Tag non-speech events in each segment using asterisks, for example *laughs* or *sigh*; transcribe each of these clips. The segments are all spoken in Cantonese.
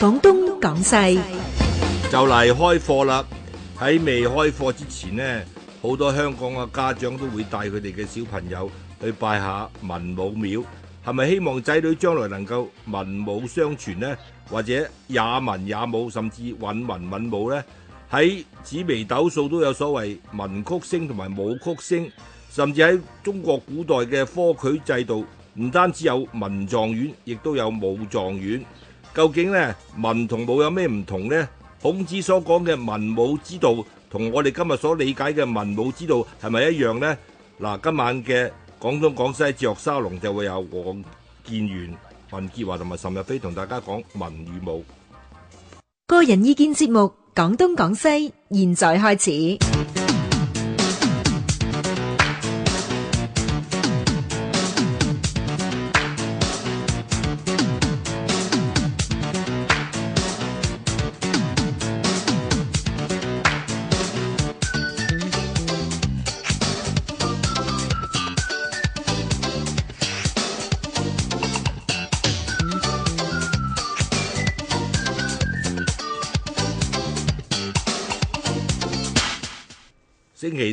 廣東講細就嚟開課啦！喺未開課之前呢，好多香港嘅家長都會帶佢哋嘅小朋友去拜下文武廟，係咪希望仔女將來能夠文武相傳呢？或者也文也武，甚至允文允武呢？喺紫微斗數都有所謂文曲星同埋武曲星，甚至喺中國古代嘅科舉制度，唔單止有文狀元，亦都有武狀元。究竟呢，文同武有咩唔同呢？孔子所講嘅文武之道，同我哋今日所理解嘅文武之道係咪一樣呢？嗱，今晚嘅廣東廣西哲學沙龍就會有王建元、文潔華同埋岑逸飛同大家講文與武。個人意見節目，廣東廣西，現在開始。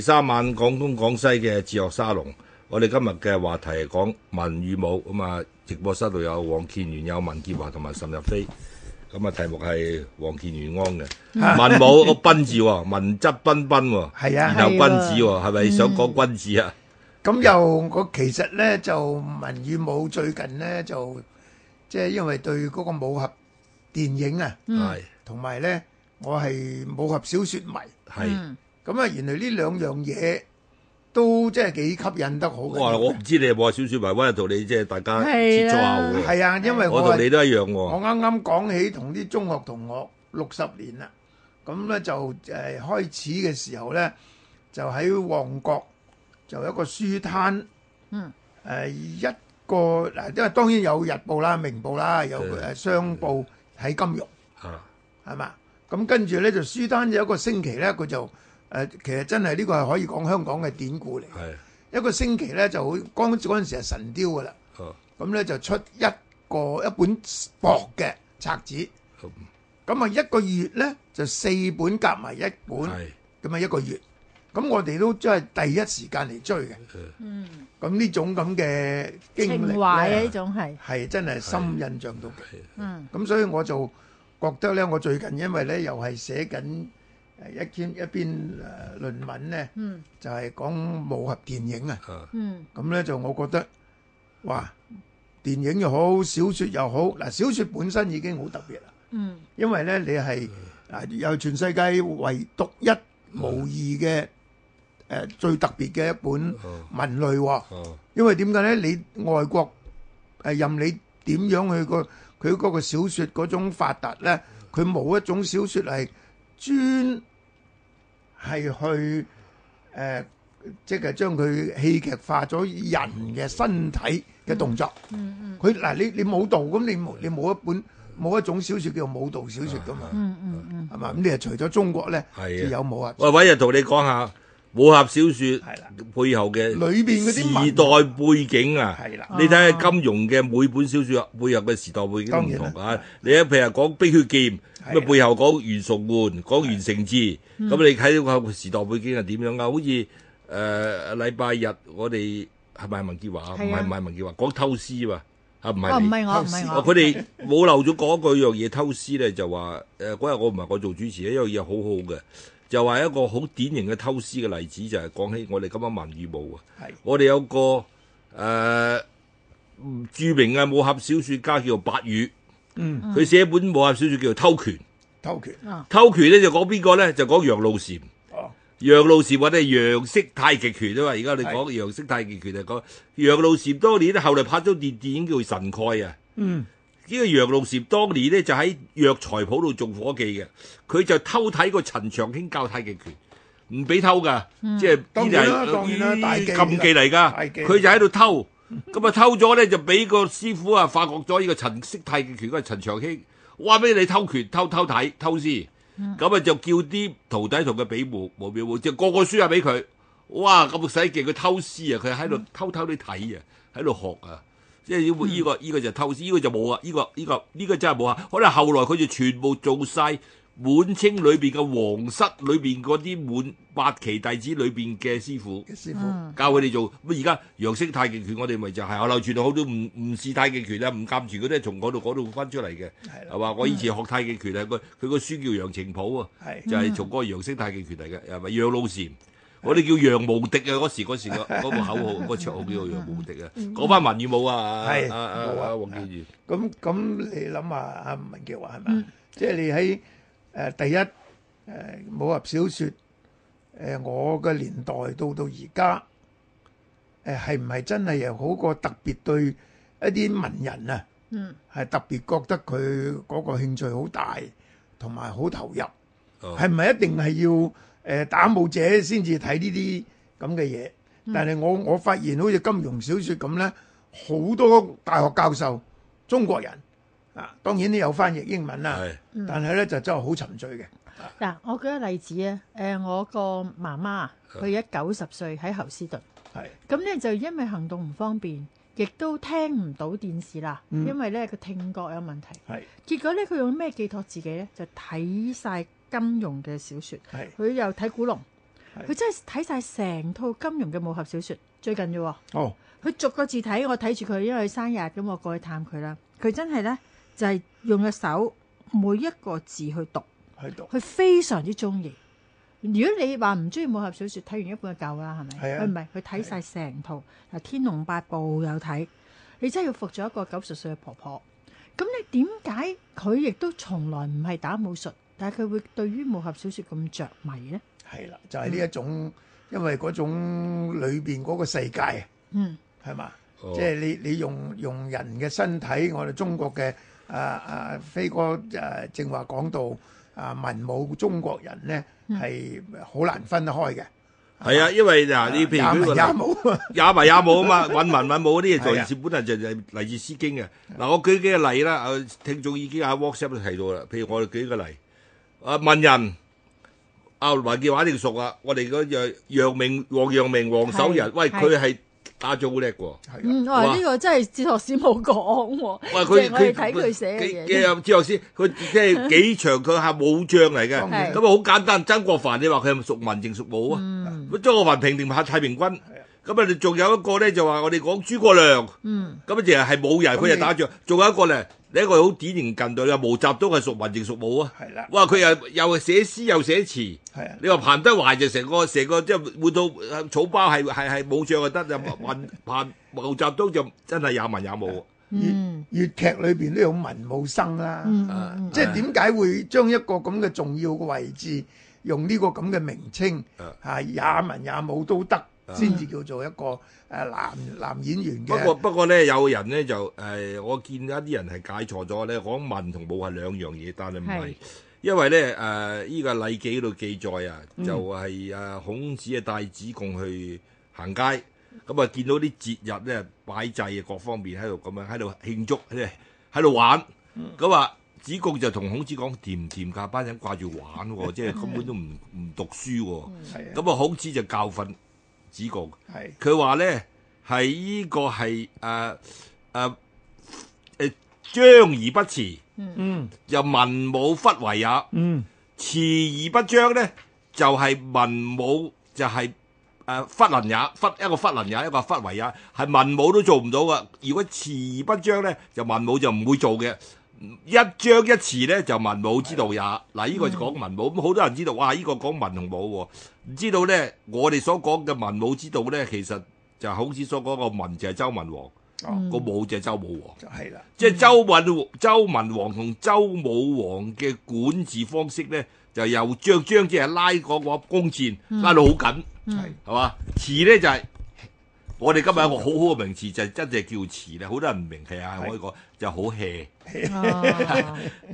三晚廣東廣西嘅哲學沙龍，我哋今日嘅話題係講文與武咁啊！直播室度有王建元、有文潔華同埋岑逸飛，咁啊，題目係王建元安嘅文武個斌字喎，文質彬彬喎，係啊，有君子喎，係咪想講君子啊？咁又我其實咧就文與武最近咧就即係因為對嗰個武俠電影啊，係，同埋咧我係武俠小説迷，係。咁啊！原來呢兩樣嘢都即係幾吸引得好嘅、哦。我我唔知你有冇啊，小説迷？溫同你即係大家接觸下喎。係啊，因為我同、啊、你都一樣喎、哦。我啱啱講起同啲中學同學六十年啦，咁咧就誒、呃、開始嘅時候咧就喺旺角就有一個書攤，嗯、呃、一個嗱，因為當然有《日報》啦，《明報》啦，有誒《商報》喺金融，係嘛咁跟住咧就書單有一個星期咧佢就。誒，其實真係呢個係可以講香港嘅典故嚟。係一個星期呢，就剛嗰陣時係神雕㗎啦。哦，咁呢就出一個一本薄嘅冊子。咁啊，一個月呢，就四本夾埋一本。係咁啊，一個月。咁我哋都真係第一時間嚟追嘅。嗯。咁呢種咁嘅經歷呢，情懷啊，呢種係係真係深印象到嘅。嗯。咁所以我就覺得呢，我最近因為呢又係寫緊。誒一篇一篇誒論文咧，就係講武俠電影啊。嗯，咁咧就我覺得，哇！電影又好，小説又好。嗱，小説本身已經好特別啦。嗯，因為咧你係啊，由全世界唯獨一無二嘅誒最特別嘅一本文類喎。哦，因為點解咧？你外國誒任你點樣去個佢嗰個小説嗰種發達咧，佢冇一種小説係。專係去誒，即係將佢戲劇化咗人嘅身體嘅動作。嗯嗯。佢，嗱，你你舞蹈咁，你冇你冇一本冇一種小説叫做舞蹈小説噶嘛。嗯嗯嗯。係嘛？咁你啊，除咗中國咧，有冇啊？喂，一陣同你講下。武俠小說係啦，背後嘅裏邊嗰啲時代背景啊，係啦。你睇下金庸嘅每本小說背後嘅時代背景都唔同噶。你一譬如講《碧血劍》，咁啊背後講袁崇煥，講袁承志，咁你睇呢個時代背景係點樣噶？好似誒禮拜日我哋係咪文潔華啊？唔係唔係文潔華講偷師嘛？啊唔係唔係我唔係我，佢哋冇漏咗嗰句樣嘢偷師咧，就話誒嗰日我唔係我做主持咧，因為一樣嘢好好嘅。又話一個好典型嘅偷師嘅例子，就係、是、講起我哋今晚文與武啊。我哋有個誒、呃、著名嘅武俠小說家叫做白羽，嗯，佢寫一本武俠小說叫做《偷拳》。偷拳啊！偷拳咧就講邊個咧？就講楊露禪。哦、啊，楊露禪或者楊式太極拳啊嘛。而家你講楊式太極拳就講楊露禪當年，後嚟拍咗部電影叫《神丐》啊。嗯。呢個楊露禪當年咧就喺藥材鋪度做伙記嘅，佢就偷睇個陳長興教太極拳，唔俾偷噶，即係依啲係禁忌嚟㗎。佢就喺度偷，咁、嗯、啊偷咗咧就俾個師傅啊發覺咗呢個陳式太極拳嗰個陳長興，話俾你偷拳偷偷睇偷師，咁、嗯、啊就叫啲徒弟同佢比武，武比武就個個輸下俾佢。哇咁犀利嘅，佢偷師啊，佢喺度偷偷啲睇啊，喺、嗯、度學啊。即係依個依、這個這個就偷師，呢、這個就冇啊！呢、這個依、這個依、這個真係冇啊！可能後來佢就全部做晒滿清裏面嘅皇室裏面嗰啲滿八旗弟子裏面嘅師傅，傅、嗯、教佢哋做。咁而家楊式太極拳我哋咪就係留傳到好多唔唔是太極拳啊，唔冚住嗰啲從嗰度嗰度分出嚟嘅。係啦，我以前學太極拳啊，佢佢個書叫楊澄甫啊，就係從嗰個楊式太極拳嚟嘅，係咪楊露禪？我哋叫楊無敵啊！嗰時嗰時個嗰個口號，個噱號叫做楊無敵啊！嗰班文語武啊，係冇啊，王建元。咁咁，你諗下啊？阿文潔華係咪啊？即係你喺誒第一誒武俠小説誒，我嘅年代到到而家誒，係唔係真係又好過特別對一啲文人啊？嗯，係特別覺得佢嗰個興趣好大，同埋好投入。哦，係唔係一定係要？誒、呃、打武者先至睇呢啲咁嘅嘢，但係我我發現好似金庸小說咁呢，好多大學教授，中國人啊，當然都有翻譯英文啦、啊，但係呢就真係好沉醉嘅。嗱、嗯啊，我舉個例子啊、呃，我個媽媽，佢而家九十歲喺侯斯頓，咁呢就因為行動唔方便，亦都聽唔到電視啦，因為呢佢聽覺有問題，結果呢，佢用咩寄託自己呢？就睇晒金庸嘅小說，係佢又睇古龍，佢真係睇晒成套金庸嘅武俠小說，最近啫。哦，佢逐個字睇，我睇住佢，因為佢生日咁，我過去探佢啦。佢真係咧就係用隻手每一個字去讀，去讀，佢非常之中意。如果你話唔中意武俠小說，睇完一本就夠啦，係咪？係啊，唔係佢睇晒成套嗱，《天龍八部》有睇，你真係要服咗一個九十歲嘅婆婆。咁你點解佢亦都從來唔係打武術？但係佢會對於武俠小說咁着迷咧？係啦，就係呢一種，因為嗰種裏邊嗰個世界啊，嗯，係嘛，即係你你用用人嘅身體，我哋中國嘅啊啊飛哥啊，正話講到啊文武中國人咧係好難分得開嘅。係啊，因為嗱，你譬如，也武，也文也武啊嘛，允文允武嗰啲嘢，本來就就係嚟自《詩經》嘅。嗱，我舉幾個例啦。啊，聽眾已經喺 WhatsApp 度提到啦。譬如我哋舉個例。啊文人，阿、啊、王建元一定熟啊！我哋個楊楊明、王陽明、王守仁，喂，佢係打咗好叻喎。係、嗯、啊，呢、哦這個真係、就是《哲學史》冇講。喎。話佢哋睇佢寫嘅嘢。即係《哲學史》，佢即係幾場佢係 *laughs* 武將嚟嘅，咁啊好簡單。曾國藩，你話佢係屬文定屬武啊？曾國藩平定下太平軍。咁、嗯、啊！你、嗯、仲有一個咧，就話我哋講諸葛亮。嗯。咁啊，其實係武人，佢、嗯、就打仗。仲、嗯、有一個咧，另一個好典型近代嘅，你話毛澤東係屬文定屬武啊？係啦。哇！佢又又寫詩又寫詞。係啊。你話彭德懷就成個成個即係換到草包，係係係武將就得就文彭， *laughs* 彭毛澤東就真係有文有武。嗯。粵、嗯、劇裏邊都有文武生啦、啊。即係點解會將一個咁嘅重要嘅位置用呢個咁嘅名稱？啊。嚇、啊！也文也武都得。先、啊、至叫做一個誒、啊、男男演員嘅。不過不過咧，有人咧就誒、呃，我見到一啲人係解錯咗咧，講文同武係兩樣嘢，但係唔係。因為咧誒，依、呃這個《禮記》度記載啊，就係、是、誒、啊、孔子啊帶子貢去行街，咁、嗯、啊、嗯嗯、見到啲節日咧擺祭啊各方面喺度咁樣喺度慶祝，喺度玩。咁、嗯、啊，子貢就同孔子講：甜唔甜架班人掛住玩喎、哦，即 *laughs* 係根本都唔唔讀書喎、哦。咁、嗯、啊，孔子就教訓。子貢，係佢話咧，係呢個係誒誒誒，張、呃呃、而不辭，嗯嗯，就文武忽為也，嗯，辭而不張咧，就係、是、文武就係誒弗能也，忽一個忽能也，一個忽為也，係文武都做唔到噶。如果辭而不張咧，就文武就唔會做嘅。一張一詞咧，就文武之道也，嗱呢、這個就講文武，咁好多人知道，哇呢、這個講文同武，唔知道咧，我哋所講嘅文武之道咧，其實就好似所講個文就係周文王，個、哦、武就係周武王，就係、是、啦，即、就、係、是、周文、嗯、周文王同周武王嘅管治方式咧，就由張張即係拉嗰個弓箭，拉到好緊，係係嘛，詞咧就係、是。我哋今日有一個好好嘅名詞就係、是、真係叫辭咧，好多人唔明白，係、這個就是、啊，我可以講就好 hea。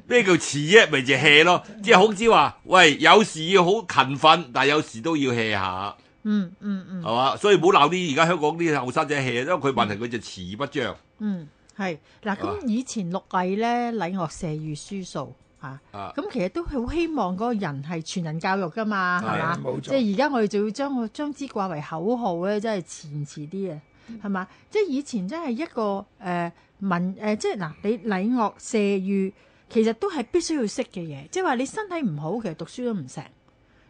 咩叫辭咧？咪就 hea 咯。即係好似話，喂，有時要好勤奮，但係有時都要 hea 下。嗯嗯嗯，係、嗯、嘛？所以唔好鬧啲而家香港啲後生仔 hea，因為佢問題佢就辭不着。嗯，係嗱，咁、嗯啊、以前六藝咧，禮樂射御書數。啊！咁、啊、其實都好希望嗰個人係全人教育噶嘛，係嘛？即係而家我哋就要將個將之掛為口號咧，真係遲唔遲啲啊？係嘛、嗯？即係以前真係一個誒、呃、文誒、呃，即係嗱，你禮樂射御其實都係必須要識嘅嘢。即係話你身體唔好，其實讀書都唔成，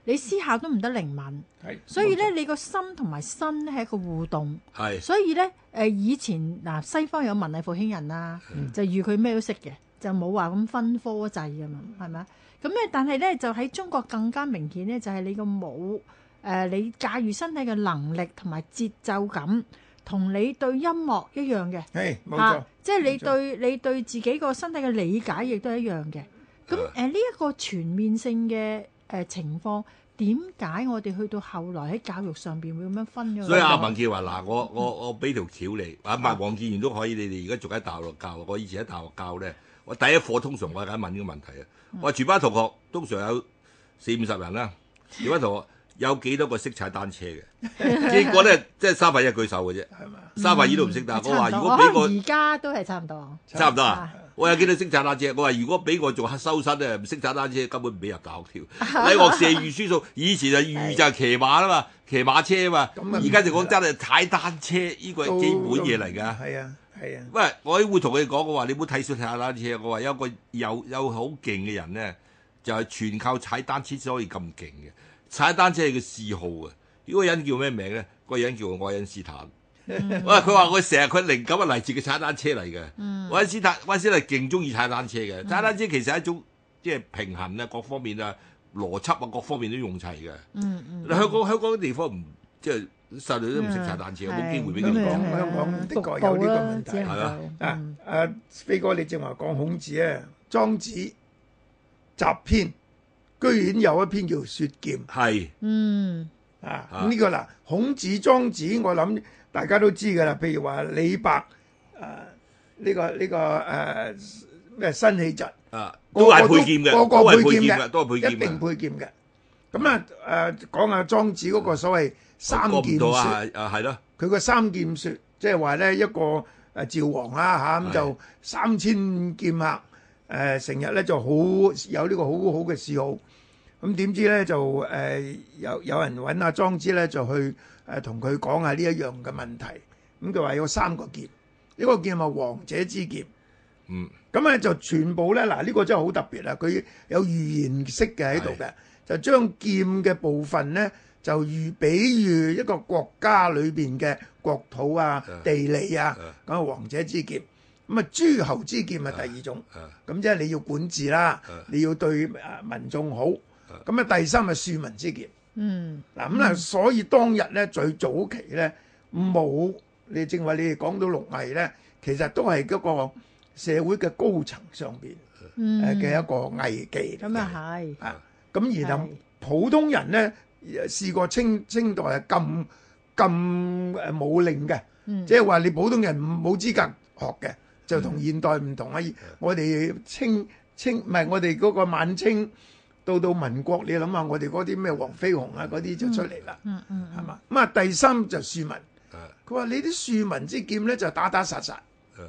你思考都唔得靈敏。係，所以咧，你個心同埋心咧係一個互動。係，所以咧誒、呃，以前嗱西方有文藝復興人啦、啊，就預佢咩都識嘅。就冇話咁分科制㗎嘛，係咪啊？咁咧，但係咧就喺中國更加明顯咧，就係、是、你個舞誒，你駕馭身體嘅能力同埋節奏感，同你對音樂一樣嘅，冇、hey, 錯，啊、錯，即係你對你對自己個身體嘅理解亦都一樣嘅。咁誒呢一個全面性嘅誒情況，點、uh, 解我哋去到後來喺教育上邊會咁樣分嘅？所以阿文傑話：嗱、嗯，我我我俾條橋你，阿伯王建元都可以，你哋而家仲喺大學教。我以前喺大學教咧。我第一課通常我係問呢個問題啊！我話全班同學通常有四五十人啦，全班同學有幾多個識踩單車嘅？結果咧，即係三分一舉手嘅啫，係、嗯、嘛？三分二都唔識，但我話如果俾我，而、嗯、家都係差唔多，差唔多啊！啊我有幾多識踩單車？我話如果俾我做黑修身，咧，唔識踩單車根本唔俾入大學跳。禮樂射御書數以前就御就係騎馬啦嘛，騎馬車嘛，而家就講真係踩單車，呢、這個係基本嘢嚟㗎。係啊。喂、啊，我也會同佢講，我話你冇睇書踩下單車。我話有一個有有好勁嘅人咧，就係、是、全靠踩單車先可以咁勁嘅。踩單車係個嗜好啊。呢個人叫咩名咧？嗰、那個人叫愛因斯坦。喂， *laughs* 佢話佢成日佢靈感啊嚟自佢踩單車嚟嘅。愛 *laughs* 因斯坦，愛因斯坦勁中意踩單車嘅。踩單車其實係一種即係、就是、平衡啊，各方面啊，邏輯啊，各方面都用齊嘅。嗯 *laughs* 嗯。香港香港啲地方唔即係。就是細路都唔識查字典，有冇機會俾佢哋。香港的確有呢個問題，係嘛、啊就是？啊，誒、嗯啊、飛哥，你正話講孔子啊，《莊子》雜篇，居然有一篇叫《說劍》。係。嗯。啊，呢、嗯啊這個嗱，孔子、莊子，我諗大家都知㗎啦。譬如話李白，誒、啊、呢、這個呢、這個誒咩、啊、辛棄疾，啊，個都係配劍嘅，都係配劍嘅，一定配劍嘅。咁啊，誒、呃、講下莊子嗰個所謂三劍説，誒係咯。佢個三劍説，即係話咧一個誒趙王啊嚇咁就三千劍客，誒成日咧就好有呢個好好嘅嗜好。咁點知咧就誒、呃、有有人揾阿、啊、莊子咧就去同佢、呃、講下呢一樣嘅問題。咁佢話有三個劍，一、呢個劍係王者之劍？嗯。咁咧就全部咧，嗱呢、呢個真係好特別啦，佢有預言式嘅喺度嘅。就將劍嘅部分咧，就如比喻一個國家裏邊嘅國土啊、地理啊，咁啊王者之劍。咁啊，諸侯之劍係第二種。咁即係你要管治啦，你要對民眾好。咁啊，第三係庶民之劍。嗯，嗱咁啊，所以當日咧最早期咧，武，你正話你哋講到六藝咧，其實都係一個社會嘅高層上邊嘅一個藝技。咁啊係啊。咁而就普通人咧，試過清清代咁咁禁武令嘅，即係話你普通人冇資格學嘅，就同現代唔同啊、嗯！我哋清清唔係我哋嗰個晚清到到民國，你諗下我哋嗰啲咩黃飛鴻啊嗰啲就出嚟啦，係、嗯、嘛？咁、嗯、啊、嗯、第三就庶民，佢話你啲庶民之劍咧就打打殺殺，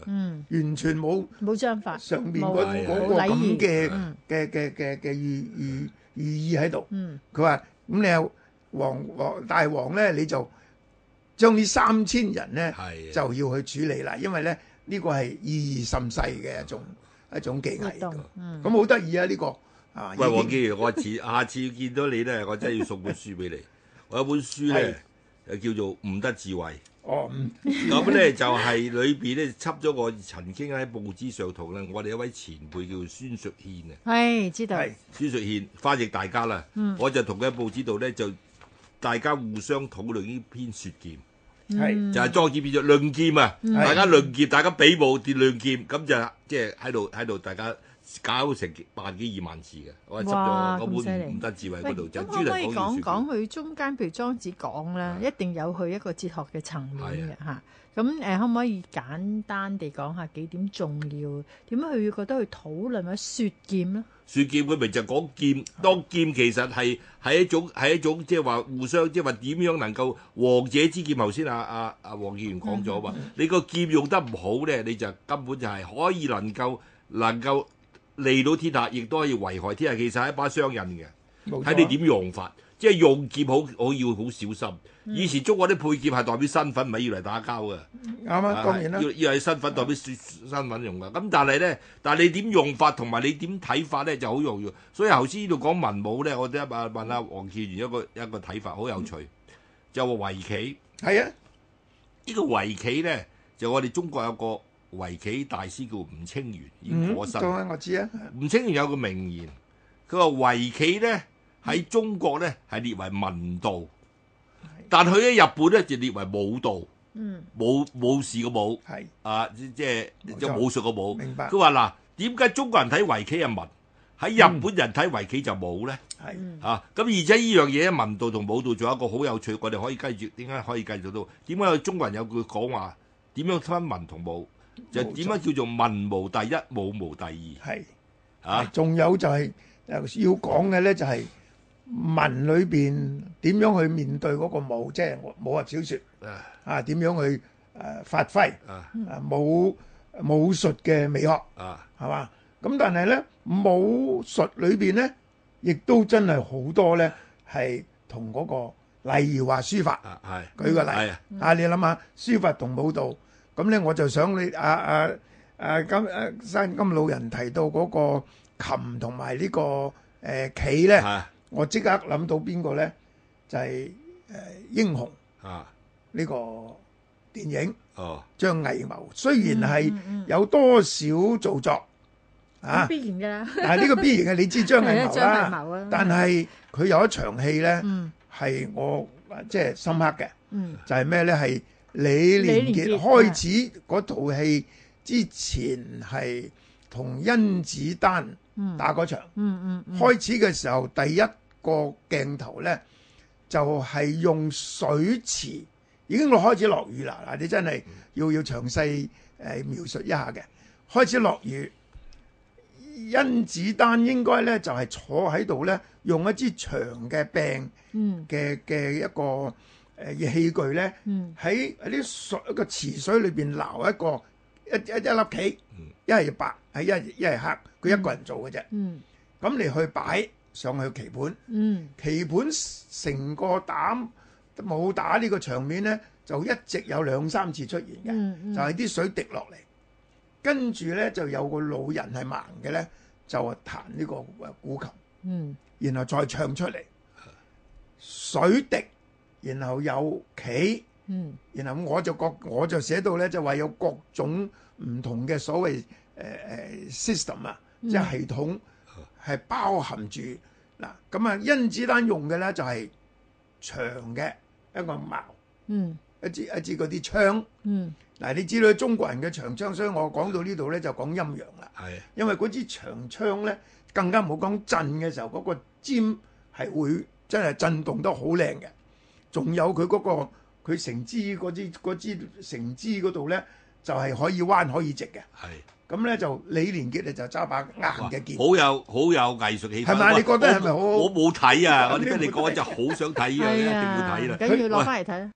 嗯、完全冇冇章法，上面嗰、那、嗰個、那個、禮儀嘅嘅嘅嘅嘅意意。寓意喺度，佢、嗯、話：咁你有黃大王咧，你就將 3, 呢三千人咧就要去處理啦，因為咧呢、這個係意義甚細嘅一種一種技藝。咁好得意啊！呢、這個啊，喂，黃如我次下次見到你咧， *laughs* 我真係要送本書俾你，我有本書咧，就叫做《唔得智慧》。哦，咁 *noise* 咧、嗯、 *laughs* 就係裏邊咧輯咗我曾經喺報紙上同咧我哋一位前輩叫孫淑憲啊，係知道，孫淑憲歡迎大家啦、嗯，我就同佢喺報紙度咧就大家互相討論呢篇雪劍《雪劍》就是劍劍，係就係莊子變咗論劍啊，大家論劍，大家比武跌論劍，咁就即係喺度喺度大家。搞成百幾二萬字嘅，我係執咗個本《武的智慧》嗰度就。咁可唔可以講講佢中間？譬如莊子講咧，一定有佢一個哲學嘅層面嘅嚇。咁誒，可唔可以簡單地講下幾點重要？點解佢覺得去討論緊《說劍》咧？《說劍》佢咪就講劍，當劍其實係係一種係一種，即係話互相，即係話點樣能夠王者之劍。頭先阿阿阿王建元講咗啊嘛，你個劍用得唔好咧，你就根本就係可以能夠能夠。利到天下，亦都可以危害天下，其實係一把雙刃嘅，睇你點用法，即係用劍好，好要好小心，嗯。以前中國啲配劍係代表身份，唔係要嚟打交嘅。啱、嗯、啊，當然啦。要要係身份代表身份用嘅。咁、嗯、但係咧，但係你點用法同埋你點睇法咧，就好容易。所以頭先呢度講文武咧，我哋係問問下王建元一個一個睇法，好有趣，嗯、就話圍棋。係啊，這個、圍呢個圍棋咧，就我哋中國有一個。圍棋大師叫吳清源，已過身、嗯、我知啊。吳清源有個名言，佢話圍棋咧喺中國咧係列為文道，嗯、但佢喺日本咧就列為武道。嗯。武武士嘅武。係、嗯。啊，即係即係武術嘅武。明白。佢話嗱，點解中國人睇圍棋係文，喺日本人睇圍棋就武咧？係、嗯。嚇、啊，咁而且呢樣嘢文道同武道仲有一個好有趣，我哋可以繼續點解可以繼續到？點解有中國人有句講話點樣分文同武？就點解叫做文無第一，武無第二。係啊，仲有就係誒，要講嘅咧就係文裏邊點樣去面對嗰個武，即係武俠小說啊。啊，點樣去誒發揮啊武武術嘅美學啊，係嘛？咁但係咧武術裏邊咧，亦都真係好多咧係同嗰個，例如話書法啊，係舉個例啊，你諗下書法同武道。咁咧，我就想你阿阿阿金阿山金老人提到嗰個琴同埋呢個誒棋咧，我即刻諗到邊個咧？就係誒英雄啊！呢個電影哦，張藝謀雖然係有多少造作啊，必然嘅。啊，呢個必然嘅，你知張藝謀啦。張藝謀啊。但係佢有一場戲咧，係我即係深刻嘅，就係咩咧？係。李連杰開始嗰套戲之前係同甄子丹打嗰場。嗯嗯嗯、嗯。開始嘅時候，第一個鏡頭咧就係、是、用水池已經開始落雨啦！嗱，你真係要要詳細誒描述一下嘅。開始落雨，甄子丹應該咧就係坐喺度咧，用一支長嘅柄嘅嘅一個。誒器具咧，喺、嗯、啲水個池水裏邊撈一個一一一粒棋，嗯、一係白，係一係一係黑，佢、嗯、一個人做嘅啫。咁、嗯、你去擺上去棋盤，嗯、棋盤成個打冇打呢個場面咧，就一直有兩三次出現嘅、嗯嗯，就係、是、啲水滴落嚟，跟住咧就有個老人係盲嘅咧，就彈呢個誒古琴、嗯，然後再唱出嚟，水滴。然後有企，嗯，然後我就覺我就寫到咧，就話有各種唔同嘅所謂誒誒 system 啊，嗯、即係系統係包含住嗱咁啊。甄、嗯嗯嗯、子丹用嘅咧就係長嘅一個矛，嗯，一支一支嗰啲槍，嗯嗱、嗯。你知道中國人嘅長槍，所以我講到呢度咧就講陰陽啦，係因為嗰支長槍咧更加唔好講震嘅時候，嗰、嗰個尖係會真係震動得好靚嘅。仲有佢嗰、嗰個佢成枝嗰支成支枝嗰度咧，就係、係、可以彎可以直嘅。係咁咧就李連杰咧就揸把硬嘅劍，好有好有藝術氣氛。係咪你覺得係咪好？我冇睇啊！我聽、啊、你講就好想睇啊。樣、 *laughs* 啊、一定要睇啦。梗要攞翻嚟睇啊。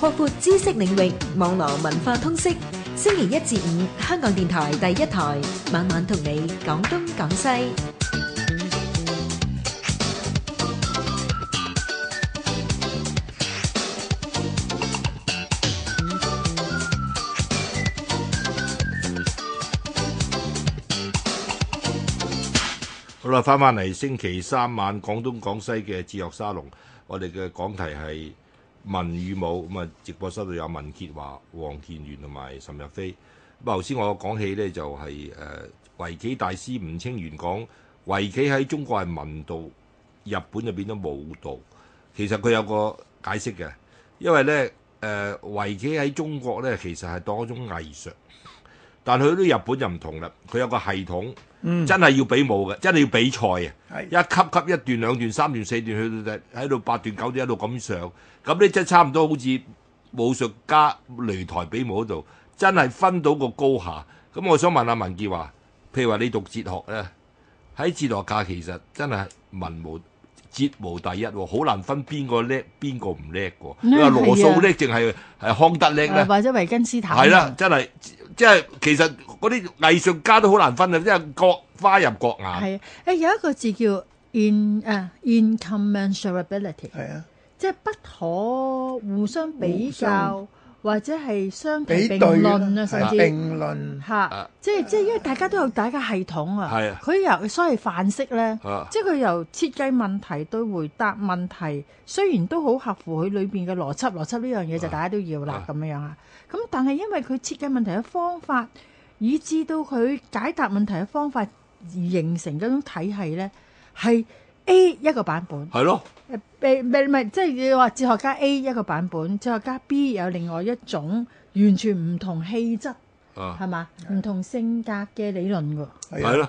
擴闊知識領域，網絡文化通識。星期一至五，香港電台第一台，晚晚同你講東講西。好啦，返返嚟星期三晚廣東廣西嘅智學沙龍，我哋嘅講題係。文與武咁啊！直播室度有文潔華、王建元同埋岑逸飛。咁啊、就是，頭先我講起咧就係誒圍棋大師吳清源講圍棋喺中國係文道，日本就變咗武道。其實佢有個解釋嘅，因為咧誒圍棋喺中國咧其實係當一種藝術，但佢去到日本就唔同啦。佢有個系統。嗯，真係要比武嘅，真係要比賽啊！一級級，一段兩段、三段四段，去到第喺度八段九段一路咁上，咁你即係差唔多好似武術家擂台比武度，真係分到個高下。咁我想問下文潔華，譬如話你讀哲學咧，喺哲學界其實真係文武。文無第一喎，好難分邊個叻，邊個唔叻喎。啊，羅素叻，定係係康德叻咧、啊，或者維根斯坦。係啦、啊，真係即係其實嗰啲藝術家都好難分啊，即係各花入各眼。係啊，有一個字叫 in 誒、uh, incommensurability 啊，即係不可互相比較相。或者係相提並論啊，甚至、啊、並論嚇，即係即係，啊啊即係即係、因為大家都有大家系統啊。佢、啊、由所謂範式咧，即係佢由設計問題到回答問題，啊、雖然都好合乎佢裏邊嘅邏輯，邏輯呢樣嘢就大家都要啦咁樣樣啊。咁但係因為佢設計問題嘅方法，以至到佢解答問題嘅方法而形成嗰種體系咧，係。A 一個版本係咯，B 唔係，唔係，即係你話哲學家 A 一個版本，哲學家 B 有另外一種完全唔同氣質，係嘛，唔同性格嘅理論噶。係咯，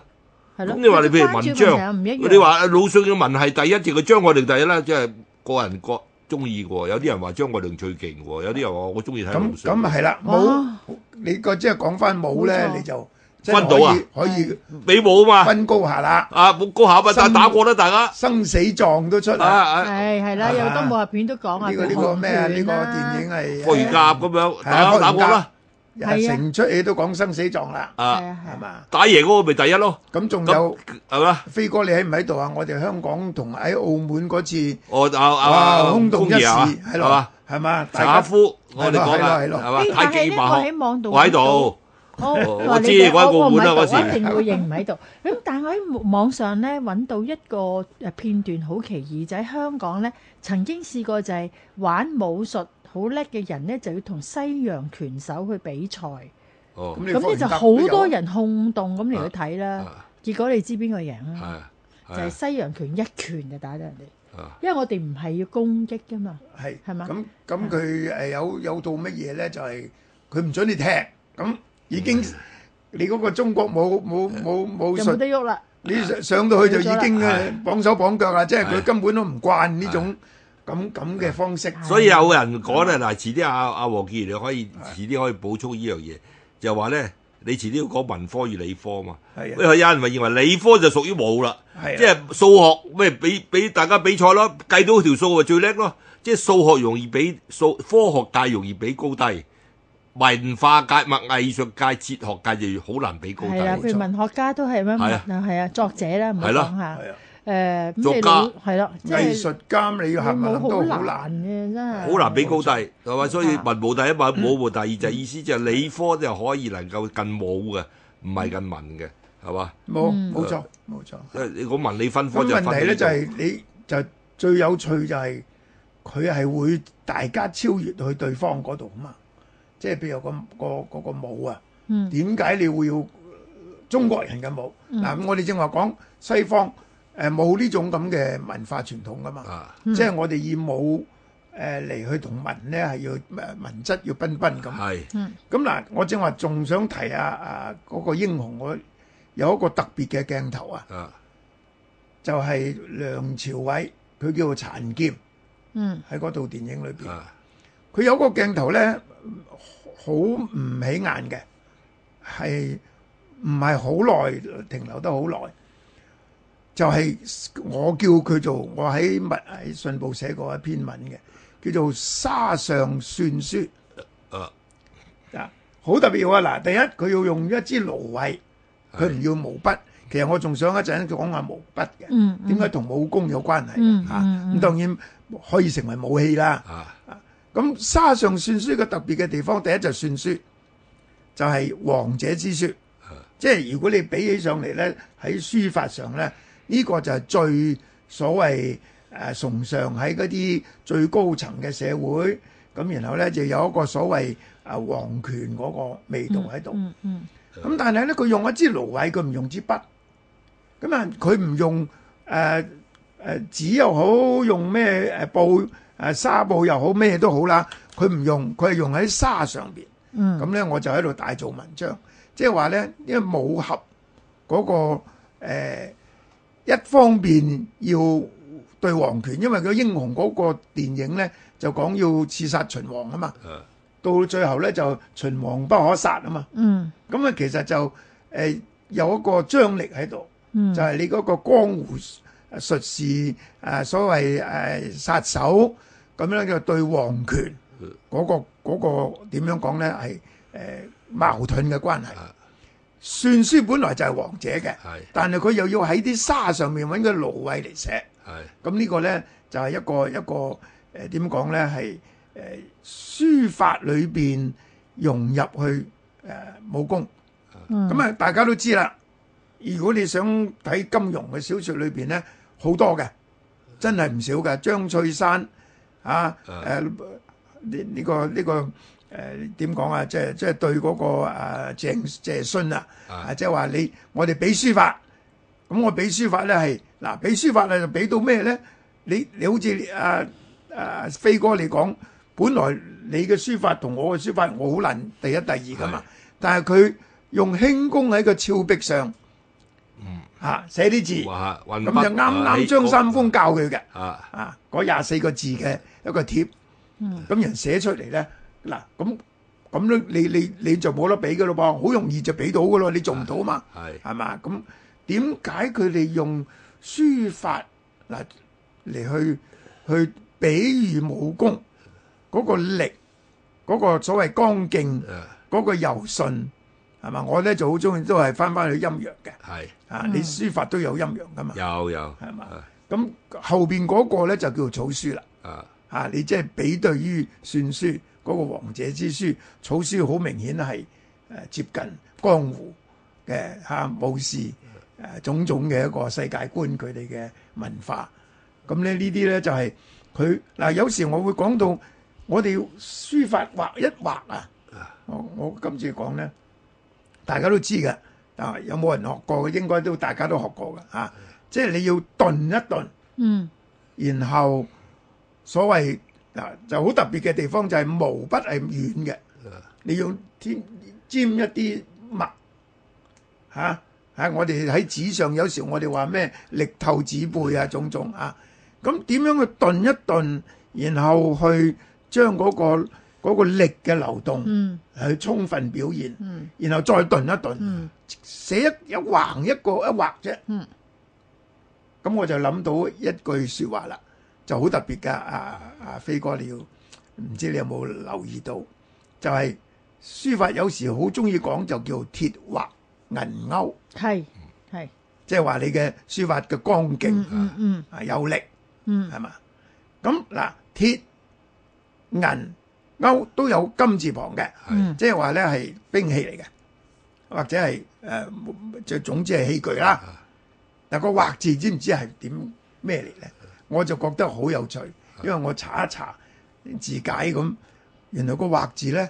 係咯。咁、嗯嗯嗯、你話你譬如文章，唔一樣，你話魯迅嘅文係第一，定嘅張愛玲第一啦，即、就、係、是、個人個中意噶。有啲人話張愛玲最勁噶，有啲人話我中意睇魯迅。咁咁係啦，冇、啊、你個即係講翻冇咧，你就。分到啊，可以比武啊嘛，分高下啦，啊，高下不？但係打過啦，大家生死狀都出啊，系係啦，有好多武俠片都講啊，呢個呢個咩啊？呢個電影係《霍元甲》咁樣，打打打啦，係成出戲都講生死狀啦，係啊係嘛，打贏嗰個咪第一咯。咁仲有係嘛？飛哥你喺唔喺度啊？我哋香港同喺澳門嗰次，我啊啊，轟動一時係嘛，係嘛，馬夫，我哋講啦，係嘛，睇幾晚，我喺度。我知玩個碗啦嗰時，我一定會認唔喺度。咁但係我喺網上咧揾到一個誒片段，好奇異，就喺香港咧曾經試過，就係玩武術好叻嘅人咧就要同西洋拳手去比賽。哦，咁你就好多人哄動咁嚟去睇啦。結果你知邊個贏啦？係就係西洋拳一拳就打到人哋，因為我哋唔係要攻擊噶嘛。係係嘛？咁咁佢係有有到乜嘢咧？就係佢唔准你踢咁。已經你嗰個中國冇冇冇冇，冇得喐啦！你上到去就已經嘅綁手綁腳啦，即係佢根本都唔慣呢種咁咁嘅方式。所以有人講咧，嗱，遲啲阿阿王建你可以遲啲可以補充呢樣嘢，就話咧，你遲啲要講文科與理科嘛。因為、啊、有人咪認為理科就屬於武啦，即係數學咩比比大家比賽咯，計到條數就最叻咯。即係數學容易比數，科學大容易比高低。文化界、物藝術界、哲學界就好難比高低，啦、啊，譬如文學家都係咩啊？係啊，作者啦，唔好講下誒、啊啊呃啊、作家係啦，即係、啊就是、藝術家你要行都好難嘅真係好難比高低。係嘛？所以文無第一，是啊、文無第二，就、嗯、意思就係理科就可以能夠更武嘅，唔係咁文嘅係嘛？冇冇錯冇錯，你講文理分科呢就分、這個。咁問題咧就係、是、你就最有趣就係佢係會大家超越去對方嗰度啊嘛。即係，譬如個個嗰舞啊，點解你會要中國人嘅舞嗱？咁、嗯啊、我哋正話講西方誒冇呢種咁嘅文化傳統㗎嘛，即、啊、係、就是、我哋以武誒嚟去同文咧係要誒文質要彬彬咁。係咁嗱，我正話仲想提下啊嗰、那個英雄，我有一個特別嘅鏡頭啊，啊就係、是、梁朝偉佢叫做殘劍，喺嗰套電影裏邊，佢、啊啊、有一個鏡頭咧。好唔起眼嘅，係唔係好耐停留得好耐？就係、是、我叫佢做，我喺物喺信報寫過一篇文嘅，叫做《沙上算書》uh, 啊。誒，嗱，好特別啊！嗱，第一佢要用一支蘆葦，佢唔要毛筆。其實我仲想一陣講一下毛筆嘅，點解同武功有關係啊？咁、啊、當然可以成為武器啦。啊、uh.！咁沙上算書嘅特別嘅地方，第一就算書，就係、是、王者之書，即係如果你比起上嚟咧，喺書法上咧，呢、這個就係最所謂、啊、崇尚喺嗰啲最高層嘅社會，咁然後咧就有一個所謂、啊、王皇權嗰個味道喺度。咁、嗯嗯嗯、但係咧，佢用一支蘆葦，佢唔用支筆，咁啊佢唔用誒誒紙又好，用咩誒布？啊啊、沙紗布又好咩都好啦，佢唔用，佢係用喺沙上面。咁、嗯、咧我就喺度大做文章，即係話咧，因為武俠嗰、那個、呃、一方面要對王權，因為佢個英雄嗰個電影咧就講要刺殺秦王啊嘛。到最後咧就秦王不可殺啊嘛。咁、嗯、啊其實就、呃、有一個張力喺度、嗯，就係、是、你嗰個江湖術士、呃、所謂誒、呃、殺手。咁咧就對皇權嗰、那個嗰、那個點樣講咧，係誒矛盾嘅關係。算書本來就係王者嘅，但係佢又要喺啲沙上面揾個蘆葦嚟寫。咁呢個咧就係、是、一個一個誒點講咧係誒書法裏邊融入去誒、呃、武功。咁啊，嗯、大家都知啦。如果你想睇金庸嘅小説裏邊咧，好多嘅真係唔少嘅張翠山。啊！誒呢呢個呢、這個誒點講啊？即係即係對嗰、那個誒鄭鄭勳啊，即係話你我哋比書法，咁我比書法咧係嗱，比、啊、書法咧就比到咩咧？你你好似誒誒、啊啊、飛哥你講，本來你嘅書法同我嘅書法，我好難第一第二㗎嘛，是但係佢用輕功喺個峭壁上。嗯，吓寫啲字，咁就啱啱張三豐教佢嘅、嗯，啊啊，嗰廿四個字嘅一個帖，咁、嗯、人寫出嚟咧，嗱咁咁咧，你你你就冇得畀噶咯噃，好容易就畀到噶咯，你做唔到嘛，係係嘛，咁點解佢哋用書法嗱嚟去去比喻武功嗰、嗰個力，嗰、嗰個所謂剛勁，嗰、啊嗰個柔順？係嘛？我咧就好鍾意，都係返返去陰陽嘅係啊。你書法都有陰陽㗎嘛？嗯、有有係嘛？咁、啊、後邊嗰個咧就叫做草書啦啊！啊，你即係比對於篆書嗰、那個王者之書，草書好明顯係誒、呃、接近江湖嘅嚇、啊、武士誒、呃、種種嘅一個世界觀，佢哋嘅文化咁咧呢啲咧就係佢嗱。有時我會講到我哋書法畫一畫啊，我我今次講咧。大家都知嘅，啊有冇人學過？應該都大家都學過嘅，啊即係你要頓一頓，嗯，然後所謂啊就好特別嘅地方就係毛筆係軟嘅，你要沾一啲墨嚇啊！我哋喺紙上有時我哋話咩力透紙背啊，種種啊，咁點樣去頓一頓，然後去將嗰個。嗰個力嘅流動，去充分表現，然後再頓一頓，寫一一橫一個一畫啫。咁我就諗到一句説話啦，就好特別噶。阿阿飛哥，你要唔知你有冇留意到？就係書法有時好中意講，就叫鐵畫銀勾，係係，即係話你嘅書法嘅光勁啊，啊有力，嗯係嘛？咁嗱，鐵銀勾都有金字旁嘅，即係話咧係兵器嚟嘅，或者係誒，即、呃、係總之係器具啦。但個畫字知唔知係點咩嚟咧？我就覺得好有趣，因為我查一查字解咁，原來個畫字咧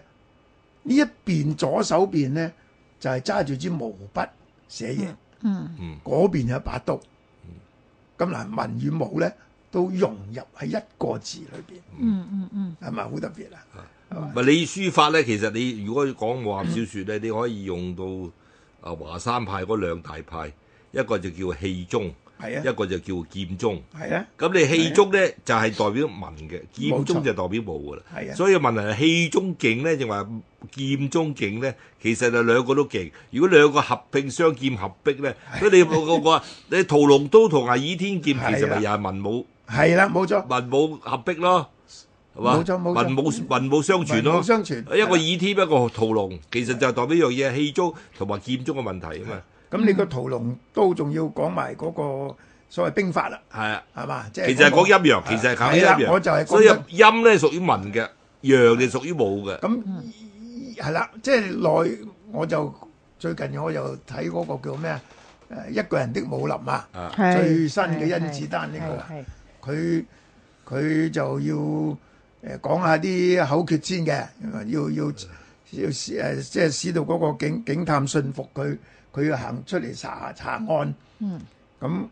呢一邊左手邊咧就係揸住支毛筆寫嘢，嗯，嗰、嗯、邊有一把刀，咁嗱，文與武咧，都融入喺一個字裏面，嗯嗯嗯，係咪好特別啊？係你書法咧，其實你如果講武俠小説咧、嗯，你可以用到啊華山派嗰兩大派、嗯，一個就叫氣宗，係啊，一個就叫劍宗，係啊。咁你氣宗咧、啊、就係、是、代表文嘅、啊，劍宗就代表武㗎啦。係啊。所以問人氣宗勁咧，就話劍宗勁咧，其實就兩個都勁。如果兩個合併雙劍合璧咧，咁、啊、你冇個，個，個你屠龍刀同阿倚天劍、啊、其實咪又係文武。係啦，冇錯。文武合璧咯，係嘛？冇錯，冇錯。文武文武相傳咯，相傳。一個倚天，一個屠龍，其實就係代表一樣嘢，氣宗同埋劍宗嘅問題啊嘛。咁你個屠龍都仲要講埋嗰個所謂兵法啦，係啊，係嘛？即係其實係講陰陽，其實係講陰陽。我就係所以陰咧，屬於文嘅；陽呢，屬於武嘅。咁係啦，即係內我就最近我又睇嗰個叫咩啊？誒，一個人的武林啊，最新嘅甄子丹呢個。佢佢就要誒、呃、講一下啲口訣先嘅，要要要誒，即、呃、係、就是、使到嗰個警警探信服佢，佢要行出嚟查查案。嗯，咁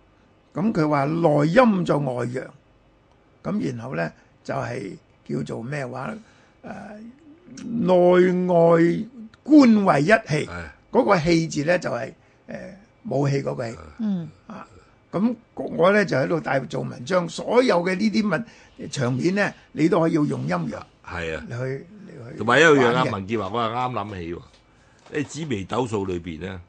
咁佢話內陰就外陽，咁然後咧就係、是、叫做咩話？誒、呃、內外官為一氣，嗰、嗯那個氣字咧就係、是、誒、呃、武器嗰個氣。嗯啊。咁我咧就喺度大做文章，所有嘅呢啲文場面咧，你都可以用音樂。係啊，你去你去。同埋一樣啊，文潔華我係啱諗起喎，啲紫微斗數裏邊咧，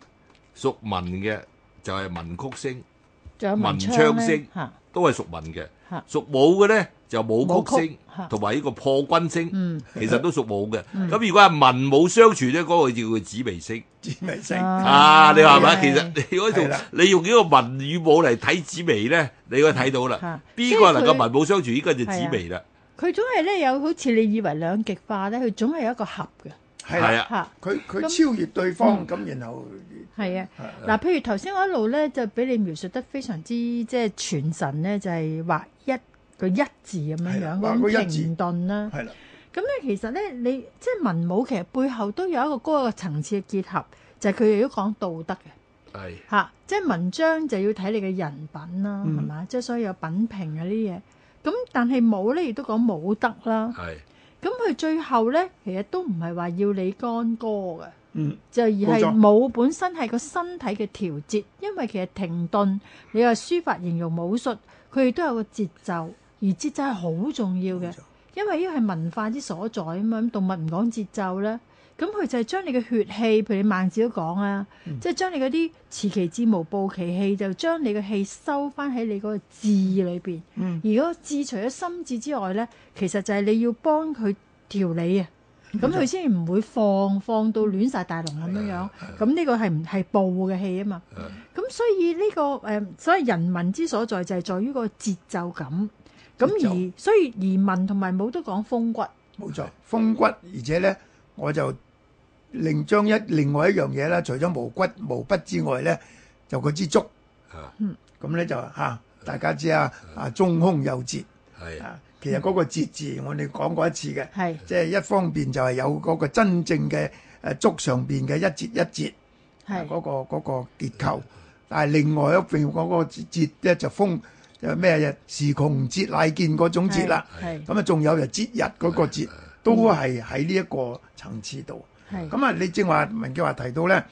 屬文嘅就係文曲星，文昌星，都係屬文嘅。屬武嘅咧，就武曲星同埋呢個破軍星，嗯、其實都屬武嘅。咁、嗯、如果係文武相處咧，嗰、那個叫做紫微星。紫微星啊，啊，你話係咪？其實你嗰你用呢個文與武嚟睇紫微咧，你可以睇到啦。邊個能夠文武相處？依個就紫微啦。佢總係咧有好似你以為兩極化咧，佢總係有一個合嘅。係啊，佢佢超越對方咁、嗯，然後係啊。嗱，譬如頭先我一路咧就俾你描述得非常之即係傳神咧，就係、是、話。佢一字咁樣樣，嗰種停頓啦，咁咧其實咧，你即係文武，其實背後都有一個高一個層次嘅結合，就係佢哋都講道德嘅，係嚇、啊，即係文章就要睇你嘅人品啦，係、嗯、嘛？即係所以有品評嗰啲嘢。咁但係武咧，亦都講武德啦，係咁佢最後咧，其實都唔係話要你干戈嘅、嗯，就而係武本身係個身體嘅調節、嗯，因為其實停頓，你話書法形容武術，佢亦都有個節奏。而節奏係好重要嘅，因為呢個係文化之所在啊嘛。咁動物唔講節奏咧，咁佢就係將你嘅血氣，譬如你孟子都講啊，即、嗯、係、就是、將你嗰啲持其志無暴其氣，就將你嘅氣收翻喺你嗰、嗯、個志裏邊。而嗰志除咗心智之外咧，其實就係你要幫佢調理啊，咁佢先唔會放放到亂晒大龍咁樣樣。咁、嗯、呢個係唔係暴嘅氣啊嘛？咁、嗯、所以呢、這個誒、呃，所謂人民之所在就係在於個節奏感。咁而所以移民同埋冇得講風骨，冇錯風骨，而且咧我就另將一另外一樣嘢啦，除咗毛骨毛筆之外咧，就嗰支竹，嗯，咁咧就嚇大家知啊，啊中空有節，係啊，其實嗰個節字我哋講過一次嘅，係即係一方面就係有嗰個真正嘅誒竹上邊嘅一節一節，係嗰個嗰個結構，但係另外一邊嗰個節咧就風。有咩嘢？時窮節乃見嗰種節啦，咁啊，仲有就節日嗰個節，都係喺呢一個層次度。咁啊，你正話文潔華提到咧，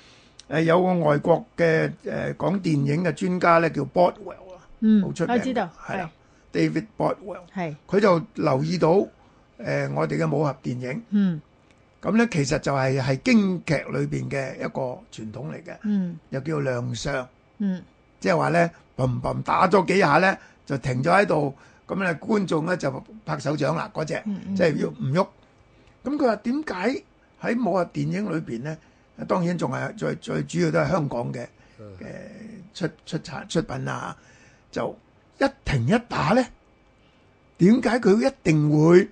誒有個外國嘅誒講電影嘅專家咧，叫 Bordwell，嗯，好出名，我知道，係 David Bordwell，係佢就留意到誒我哋嘅武俠電影，嗯，咁咧其實就係係京劇裏邊嘅一個傳統嚟嘅，嗯，又叫做亮相，嗯。即係話咧，砰砰打咗幾下咧，就停咗喺度，咁咧觀眾咧就拍手掌啦。嗰隻即係喐唔喐？咁佢話點解喺武俠電影裏邊咧？當然仲係最最主要都係香港嘅誒出出產出，出品啦、啊，就一停一打咧，點解佢一定會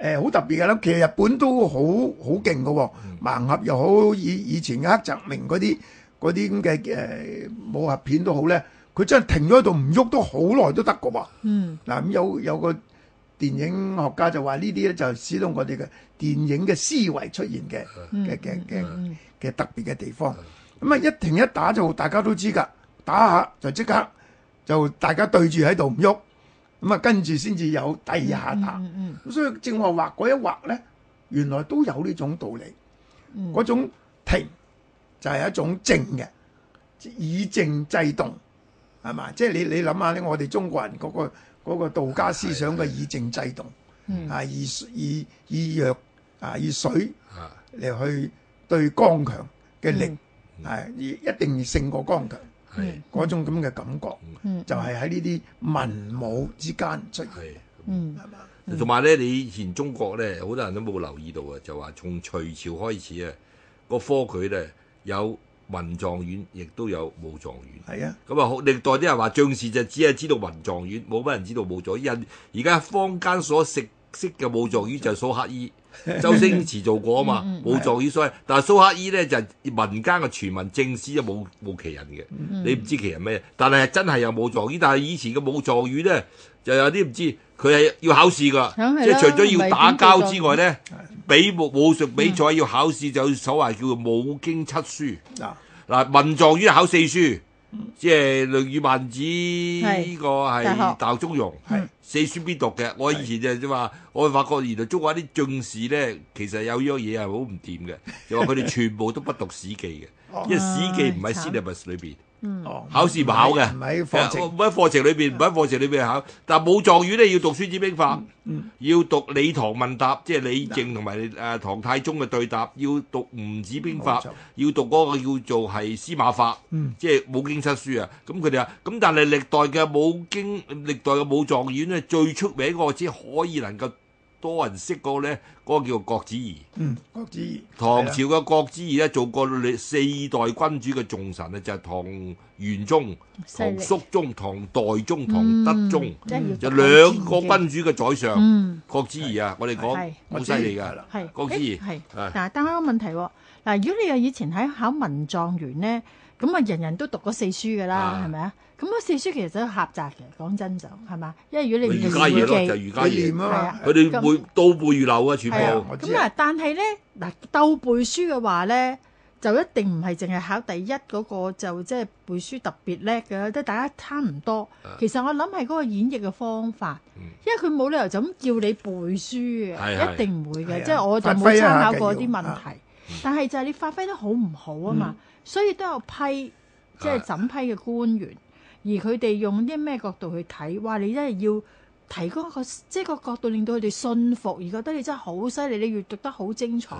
誒好、呃、特別嘅咧？其實日本都好好勁嘅喎，盲俠又好，以以前嘅黑澤明嗰啲。嗰啲咁嘅誒武俠片都好咧，佢真係停咗喺度唔喐都好耐都得㗎喎。嗯，嗱、啊、咁有有個電影學家就話呢啲咧就使用我哋嘅電影嘅思維出現嘅嘅嘅嘅嘅特別嘅地方。咁啊一停一打就大家都知㗎，打下就即刻就大家對住喺度唔喐。咁啊跟住先至有第二下打。嗯咁、嗯嗯、所以正話畫嗰一畫咧，原來都有呢種道理。嗰、嗯、種停。就係、是、一種靜嘅，以靜制動，係嘛？即係你你諗下咧，我哋中國人嗰、嗰個嗰個道家思想嘅以靜制動，啊以以以弱啊以水嚟、啊、去對剛強嘅力，係、嗯、一定要勝過剛強，係、嗯、嗰種咁嘅感覺，就係喺呢啲文武之間出現，嗯係嘛？同埋咧，你以前中國咧好多人都冇留意到啊，就話從隋朝開始啊，個科舉咧。有文狀元，亦都有武狀元。係啊，咁啊，歷代啲人話將士就只係知道文狀元，冇乜人知道武狀元。而家坊間所食識識嘅武狀元就係蘇乞兒， *laughs* 周星馳做過啊嘛。 *laughs* 嗯嗯武狀元所以，但係蘇乞兒咧就是、民間嘅傳聞正史就冇冇其人嘅、嗯嗯。你唔知其人咩？但係真係有武狀元，但係以前嘅武狀元咧，就有啲唔知，佢係要考試㗎、嗯，即係除咗要打交之外咧。比武武術比賽要考試、嗯，就所謂叫做武經七書。嗱、啊，嗱、啊、文狀元考四書，嗯、即係《論語》《孟子》呢、這個係大中庸，四書必讀嘅。我以前就即話，我發覺原來中國啲進士咧，其實有樣嘢係好唔掂嘅，就話佢哋全部都不讀《史記》嘅， *laughs* 因為史記唔、嗯、係 syllabus 裏邊。嗯、考考試考嘅，唔喺課程裏，唔喺課程裏面，面考。但武狀元咧，要讀孫子兵法，嗯嗯、要讀李唐問答，即係李靖同埋唐太宗嘅對答，要讀吳子兵法，嗯、要讀嗰個叫做係《司馬法》嗯，即係武經七書啊。咁佢哋啊，咁但係歷代嘅武經，歷代嘅武狀元咧，最出名，我只可以能夠。多人識嗰個咧，嗰、嗰個叫郭子儀。嗯，郭子儀。唐朝嘅郭子儀咧，做過四代君主嘅重臣啊，就係、是、唐玄宗、唐肅宗、唐代宗、嗯、唐德宗，就是、兩個君主嘅宰相、嗯。郭子儀啊，我哋講好犀利㗎啦。係郭子儀係嗱，但係有問題喎。嗱，如果你又以前喺考文狀元咧，咁啊，人人都讀過四書㗎啦，係咪啊？咁啊，四書其實都係狹窄嘅，講真就係嘛。因為如果你儒家嘢咯，就儒、是、家嘢啊佢哋、啊、背倒背如流嘅、啊啊，全部。咁啊，嗯、但係咧嗱，鬥背書嘅話咧，就一定唔係淨係考第一嗰、那個，就即係背書特別叻嘅，即大家差唔多。其實我諗係嗰個演繹嘅方法，嗯、因為佢冇理由就咁叫你背書嘅、嗯，一定唔會嘅。即係我就冇參考過啲問題，是但係就係你發揮得好唔好啊嘛、嗯，所以都有批，即係審批嘅官員。而佢哋用啲咩角度去睇？哇！你真係要提供一個，即係個角度令到佢哋信服，而覺得你真係好犀利，你閱讀得好精彩。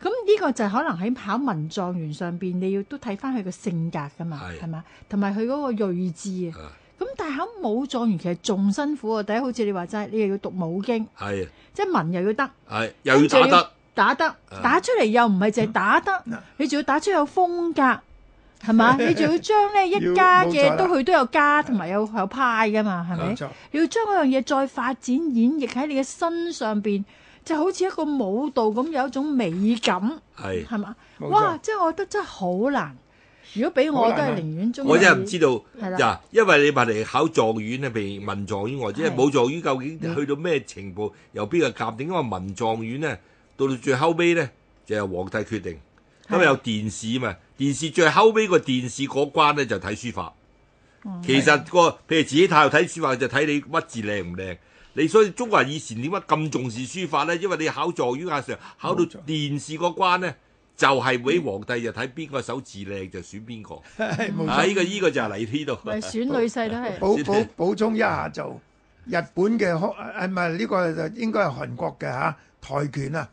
咁呢個就係可能喺考文狀元上邊你要都睇翻佢個性格噶嘛，係嘛？同埋佢嗰個睿智啊。咁但係考武狀元其實仲辛苦啊。第一，好似你話齋，你又要讀武經，即係文又要得，又要打得打得打出嚟又唔係淨係打得，打只打得嗯、你仲要打出有風格。係嘛？你仲要將呢一家嘅都佢都有家，同埋有有派噶嘛？係咪？你要將嗰樣嘢再發展演繹喺你嘅身上邊，就好似一個舞蹈咁，有一種美感。係係嘛？哇！即係我覺得真係好難。如果俾我、啊、都係寧願中。我真係唔知道。係啦。嗱，因為你話嚟考狀元咧，譬如文狀元，或者係武狀元，究竟去到咩程度？由邊個夾定？點解話文狀元呢，到到最後尾呢，就係、是、皇帝決定。啊嗯 *music* 啊、因為有殿試嘛？殿試最後尾個殿試嗰關咧，就睇書法。嗯、其實、那個譬如自己睇又睇書法，就睇你乜字靚唔靚。你所以中國人以前點解咁重視書法咧？因為你考狀元嗰時候，考到殿試嗰關咧，就係、是、俾皇帝就睇邊個手字靚就選邊個、嗯嗯。啊！依、這個依、這個就嚟呢度。到。選女婿都係補補補，補充一下就日本嘅，唔係呢個應該係韓國嘅嚇，跆拳啊。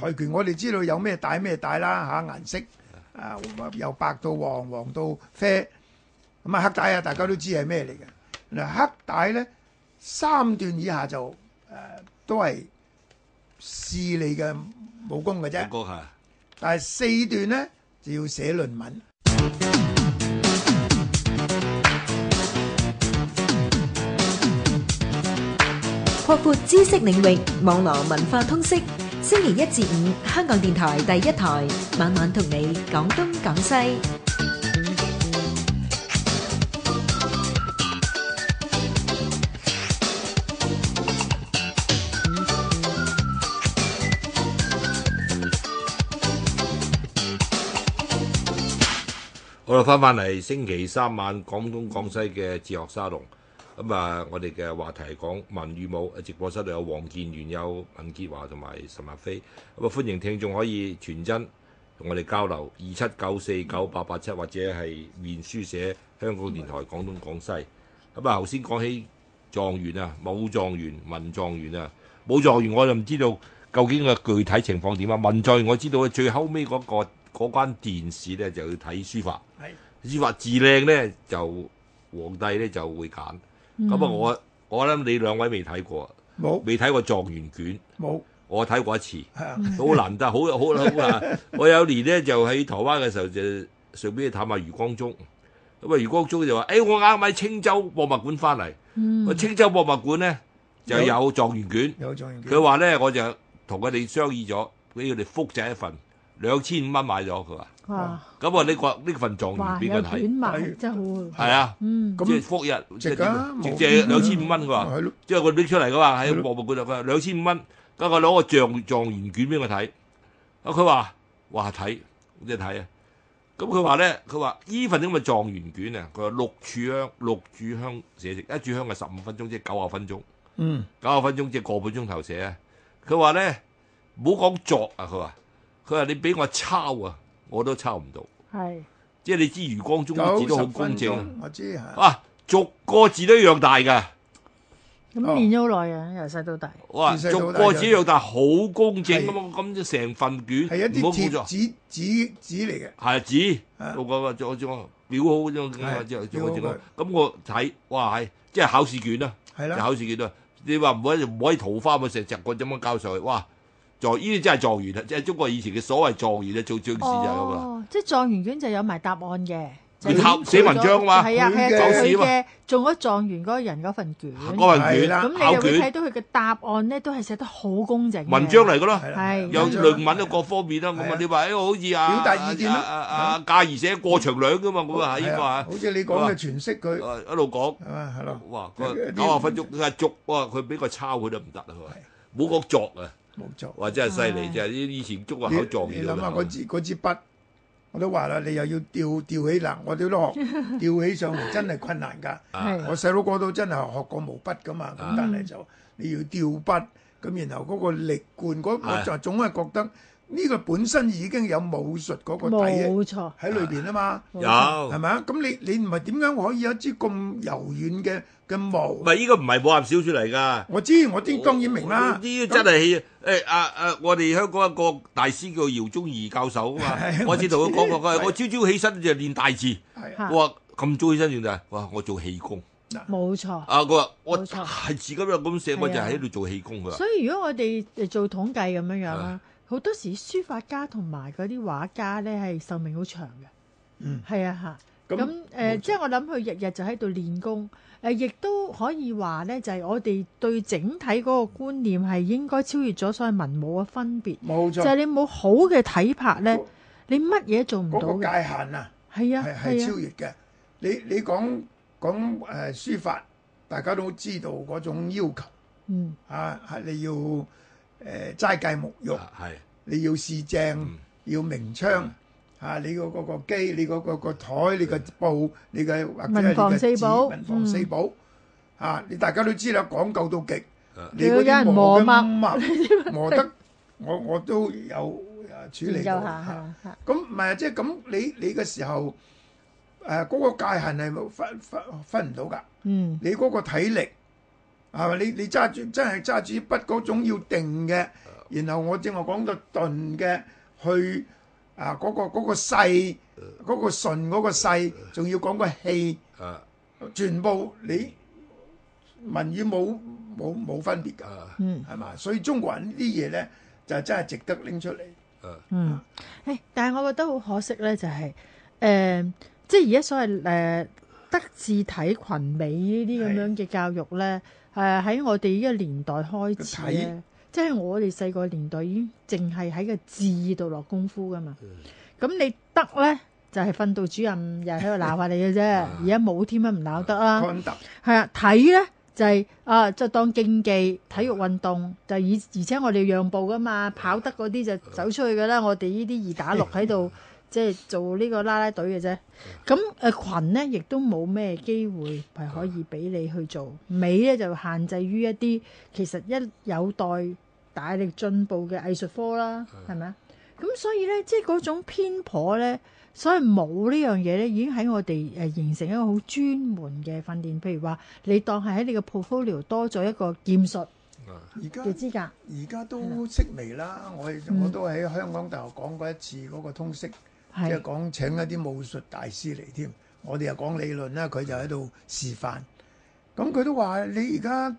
跆拳我哋知道有咩帶咩帶啦，嚇，顏色啊，由白到黃，黃到啡，咁啊，黑帶啊，大家都知係咩嚟嘅。嗱黑帶咧，三段以下就，誒都係試你嘅武功嘅啫，但係四段咧就要寫論文，擴闊知識領域，網絡文化通識。星期一至五，香港電台第一台晚晚同你講東講西。好啦，翻返嚟，星期三晚廣東廣西嘅哲學沙龍。咁啊！我哋嘅話題係講文與武。直播室度有王建元、原有文潔華同埋岑逸飛。咁啊，歡迎聽眾可以傳真同我哋交流二七九四九八八七，2794, 9887, 或者係面書寫香港電台廣東廣西。咁啊，頭先講起狀元啊，武狀元、文狀元啊，武狀元我就唔知道究竟嘅具體情況點啊。文狀元我知道啊，最後尾嗰、那個嗰關電視咧就要睇書法，係書法字靚咧就皇帝咧就會揀。咁、嗯、啊，我我諗你兩位未睇過啊，冇未睇過狀元卷。冇我睇過一次，好難得，好好好難。難 *laughs* 我有年咧就喺台灣嘅時候就上邊去探下余光中，咁啊余光中就話：誒、哎、我啱買青州博物館翻嚟，我、嗯、青州博物館咧就有狀元卷。有狀元卷佢話咧我就同佢哋商議咗，俾佢哋複製一份，兩千五蚊買咗佢話。哇！咁、嗯、啊，嗯嗯嗯、個啊呢個呢份狀元卷俾佢睇，真好。係啊，咁即係復日借直接兩千五蚊。佢話即係佢拎出嚟。佢話喺博物館嗰度，佢話兩千五蚊，跟住攞個狀狀元卷俾我睇。啊，佢話話睇即係睇啊。咁佢話咧，佢話呢份咁嘅狀元卷啊，佢話六柱香六柱香寫，一柱香係十五分鐘，即係九十分鐘。九、嗯、十分鐘即係個半鐘頭寫啊。佢話咧唔好講作啊，佢話佢話你俾我抄啊。我都抄唔到，係即係你知，余光中嘅字都好公正、啊。我知嚇。哇、啊，逐個字都一樣大嘅，咁練咗好耐啊，由細到大。哇，逐個字一樣大，好公正咁，咁就成份卷係一啲紙紙嚟嘅，係紙。啊嗯、我講我將將裱好咗，咁我睇，哇係，即係考試卷啦、啊，係啦，考試卷啦、啊。你話唔可以唔可以桃花咪成隻個咁樣交上去，哇！在呢啲真係狀元啦，即係中國以前嘅所謂狀元咧，做狀士就係咁啊！即係狀元卷就有埋答案嘅，寫文章嘛，係啊，講史嘛，中咗狀元嗰人嗰份卷，嗰份卷啦，考卷睇到佢嘅答案咧，都係寫得好工整嘅。文章嚟噶咯，係有論文啊，各方面啊，咁啊，你話誒好似啊啊啊，駕馭寫過場兩噶嘛，咁啊，依個啊，好似你講嘅詮釋佢，一路講係咯，哇，九廿分鐘啊，續哇，佢俾個抄佢都唔得啊，佢冇個作啊。冇錯，或者係犀利就係啲以前捉個好撞住，你諗下嗰支嗰支筆，我都話啦，你又要吊吊起嗱，我啲都學吊起上嚟真係困難㗎。我細佬哥都真係學過毛筆㗎嘛，咁但係就你要吊筆，咁然後嗰個力貫，我就總係覺得。呢、這個本身已經有武術嗰個底喺裏邊啊嘛，有係咪？咁你你唔係點樣可以有一支咁柔軟嘅嘅毛？唔係呢個唔係武俠小説嚟㗎。我知，我知，當然明啦。呢啲、這個、真係誒、哎、啊啊！我哋香港一個大師叫姚宗儀教授啊嘛，我先同佢講過，佢話，我朝朝起身就練大字。係，我話咁早起身點就係哇！我做氣功。冇錯。啊，佢話我大字咁樣咁寫、啊，我就喺度做氣功㗎。所以如果我哋做統計咁樣樣啦。哎好多時書法家同埋嗰啲畫家呢係壽命好長嘅，係、嗯、啊嚇。咁、嗯、誒、嗯嗯，即係我諗佢日日就喺度練功。誒、啊，亦都可以話呢，就係、是、我哋對整體嗰個觀念係應該超越咗所謂文武嘅分別。冇錯，就係、是、你冇好嘅體魄呢，你乜嘢做唔到嘅界限啊！係啊，係超越嘅、啊啊。你你講講誒書法，大家都知道嗰種要求。嗯啊，係你要。誒、呃、齋戒沐浴，係你要試正，嗯、要明窗嚇你嗰個機，你嗰個個台，你個布、啊，你嘅、啊啊啊、文房四寶，文房四寶嚇你大家都知啦，講究到極，嗯、你嗰人磨嘅污磨，磨，磨得我我都有處理過咁唔係啊，即係咁你你嘅時候誒嗰、啊嗰個界限係分分分唔到㗎。嗯，你嗰個體力。係、啊、咪你你揸住真係揸住筆嗰種要定嘅，然後我正話講到鈍嘅，去啊嗰、嗰個、嗰個細，嗰、嗰個純嗰、嗰個細，仲要講個氣，全部你文語冇冇冇分別噶，係、嗯、嘛？所以中國人呢啲嘢咧就真係值得拎出嚟。嗯，誒、嗯，但係我覺得好可惜咧、就係，就係誒，即係而家所謂誒、呃、德智體群美呢啲咁樣嘅教育咧。係啊，喺我哋呢個年代開始咧，即係我哋細個年代已經淨係喺個字度落功夫噶嘛。咁你得咧就係、是、訓導主任又喺度鬧下你嘅啫。而家冇添啦，唔鬧得 *laughs* 係啊？係、就是、啊，睇咧就係啊，即係當競技體育運動就而而且我哋讓步噶嘛，跑得嗰啲就走出去噶啦。我哋呢啲二打六喺度。 *laughs* 即係做呢個啦啦隊嘅啫，咁誒群呢亦都冇咩機會係可以俾你去做美呢就限制於一啲其實一有待大力進步嘅藝術科啦，係咪啊？咁所以呢，即係嗰種偏頗呢，所以冇呢樣嘢呢已經喺我哋形成一個好專門嘅訓練。譬如話，你當係喺你嘅 portfolio 多咗一個劍術嘅資格，而家都識嚟啦。我我都喺香港大學講過一次嗰個通識。嗯即係講請一啲武術大師嚟添，我哋又講理論啦，佢就喺度示範。咁佢都話：你而家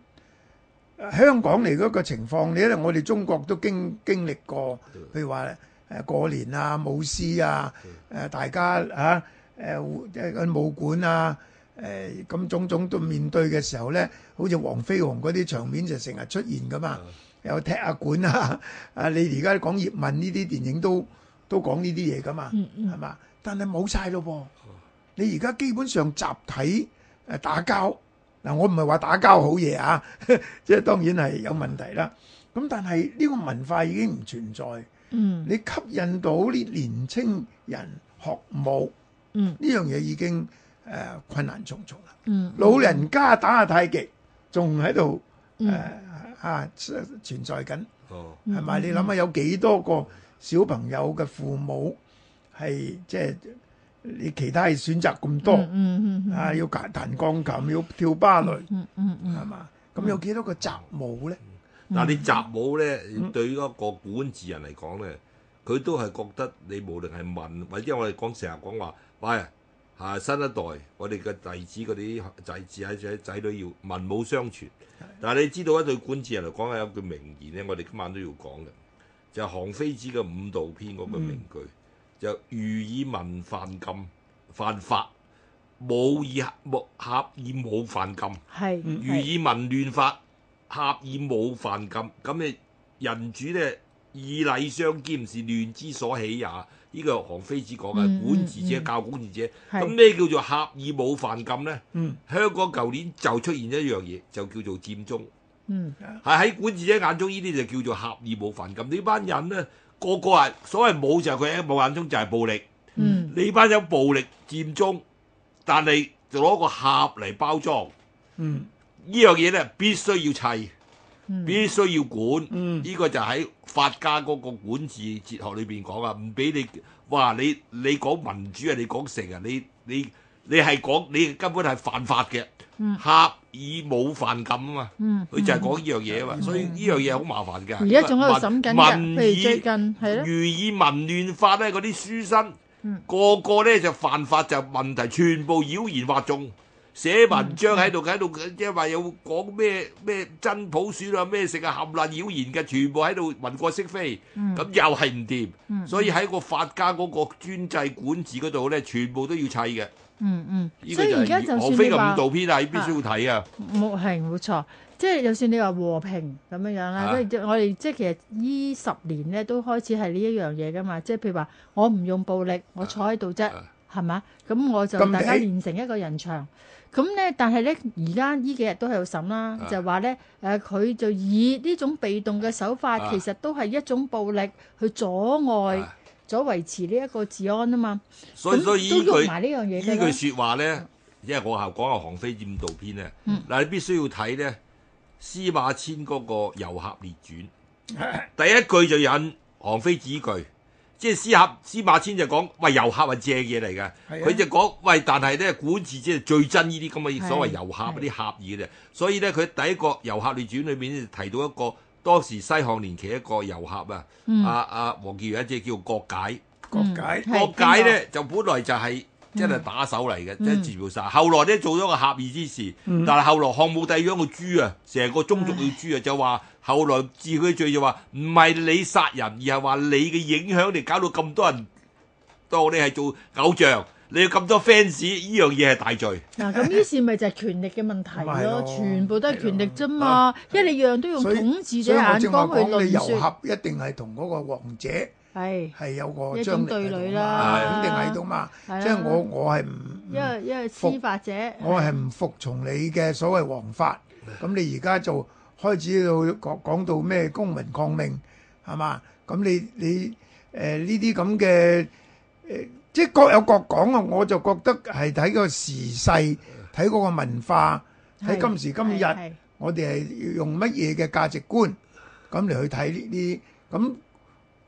香港嚟嗰個情況，你我哋中國都經經歷過。譬如話誒過年啊，舞獅啊，誒大家嚇誒喺武館啊，誒、啊、咁種種都面對嘅時候咧，好似黃飛鴻嗰啲場面就成日出現噶嘛。有踢下館啊！啊，你而家講葉問呢啲電影都～都講呢啲嘢噶嘛，係、嗯、嘛、嗯？但係冇晒咯喎！你而家基本上集體誒、呃、打交嗱、呃，我唔係話打交好嘢啊，呵呵即係當然係有問題啦。咁但係呢個文化已經唔存在、嗯，你吸引到啲年青人學武呢、嗯、樣嘢已經誒、呃、困難重重啦、嗯嗯。老人家打下太極仲喺度誒啊，啊存在緊，係咪？你諗下有幾多個？小朋友嘅父母係即係你其他係選擇咁多、嗯嗯嗯、啊，要彈鋼琴、嗯，要跳芭蕾，係、嗯、嘛？咁、嗯、有幾多個習武咧？嗱、嗯，嗯、但你習武咧、嗯、對於一個管治人嚟講咧，佢都係覺得你無論係文或者我哋講成日講話喂，係、哎、新一代，我哋嘅弟子嗰啲弟子啊，仔女要文武雙全。但係你知道咧，對管治人嚟講咧，有句名言咧，我哋今晚都要講嘅。就是、韓非子嘅五蠹篇嗰個名句，嗯、就儒以文犯禁犯法，冇以冇俠以武犯禁；儒以文亂法，俠以武犯禁。咁你人主咧，以禮相兼是亂之所起也。呢、呢個韓非子講嘅、嗯、管治者、嗯、教管治者，咁咩叫做俠以武犯禁咧、嗯？香港舊年就出現一樣嘢，就叫做佔中。嗯，係喺管治者眼中，呢啲就叫做俠義冇反感。呢班人咧，個個係所謂冇就佢喺我眼中就係暴力。嗯，呢班有暴力佔中，但係就攞個俠嚟包裝。嗯，呢樣嘢咧必須要砌，必須要管。嗯、呢、嗯這個就喺法家嗰個管治哲學裏邊講啊，唔俾你哇！你你講民主啊，你講成啊，你你。你係講你根本係犯法嘅，俠、嗯、以武犯禁啊嘛，佢、嗯嗯、就係講呢樣嘢啊嘛、嗯，所以呢樣嘢好麻煩㗎。而家仲喺度審緊文譬如，儒以文亂法咧，嗰啲書生、嗯、個個咧就犯法就問題，全部妖言惑眾，寫文章喺度喺度，即係話有講咩咩真普選啊咩食啊冚爛妖言嘅，全部喺度聞過識非，咁、嗯、又係唔掂，所以喺個法家嗰個專制管治嗰度咧，全部都要砌嘅。嗯嗯、這個就是，所以而家就算你話，我五道片必須要睇啊，冇係冇錯，即係就算你話和平咁樣樣啦，啊、我哋即係其實依十年咧都開始係呢一樣嘢噶嘛，即係譬如話我唔用暴力，我坐喺度啫，係、啊、嘛？咁我就大家練成一個人牆。咁咧，但係咧，而家呢現在幾日都喺有審啦，啊、就話咧，誒、呃、佢就以呢種被動嘅手法、啊，其實都係一種暴力去阻礙、啊。所維持呢一個治安啊嘛，所以所以依句呢句説話咧，因為我係講下《韓非佔道篇》咧、嗯，嗱你必須要睇咧《司馬遷嗰個遊俠列傳》嗯，第一句就引韓非子句，即係司俠司馬遷就講喂，遊俠係借嘢嚟嘅，佢、啊、就講喂，但係咧管治者即係最憎呢啲咁嘅所謂遊俠嗰啲俠義嘅、啊，所以咧佢第一個遊俠列傳裏面咧提到一個。當時西漢年期一個遊俠啊，阿、嗯、阿、啊啊、王建元一隻叫郭解，郭解、嗯、郭解咧、嗯、就本來就係真係打手嚟嘅，即係治療曬。後來咧做咗個俠義之事，嗯、但係後來漢武帝養個豬啊，成個宗族嘅豬啊，就話後來治佢罪就話唔係你殺人，而係話你嘅影響嚟搞到咁多人當你係做偶像。你要咁多 fans，呢樣嘢係大罪。嗱，咁於是咪就係權力嘅問題咯，全部都係權力啫嘛，因為你樣樣都用統治嘅眼光去對算。我正話講你遊俠一定係同嗰個王者係係有個種對壘啦，肯定喺度嘛。即係我我係唔因為因為司法者，我係唔服從你嘅所謂王法。咁你而家就開始到講講到咩公民抗命係嘛？咁你你誒呢啲咁嘅誒？即係各有各講啊！我就覺得係睇個時勢，睇嗰個文化，睇今時今日，我哋係用乜嘢嘅價值觀咁嚟去睇呢啲？咁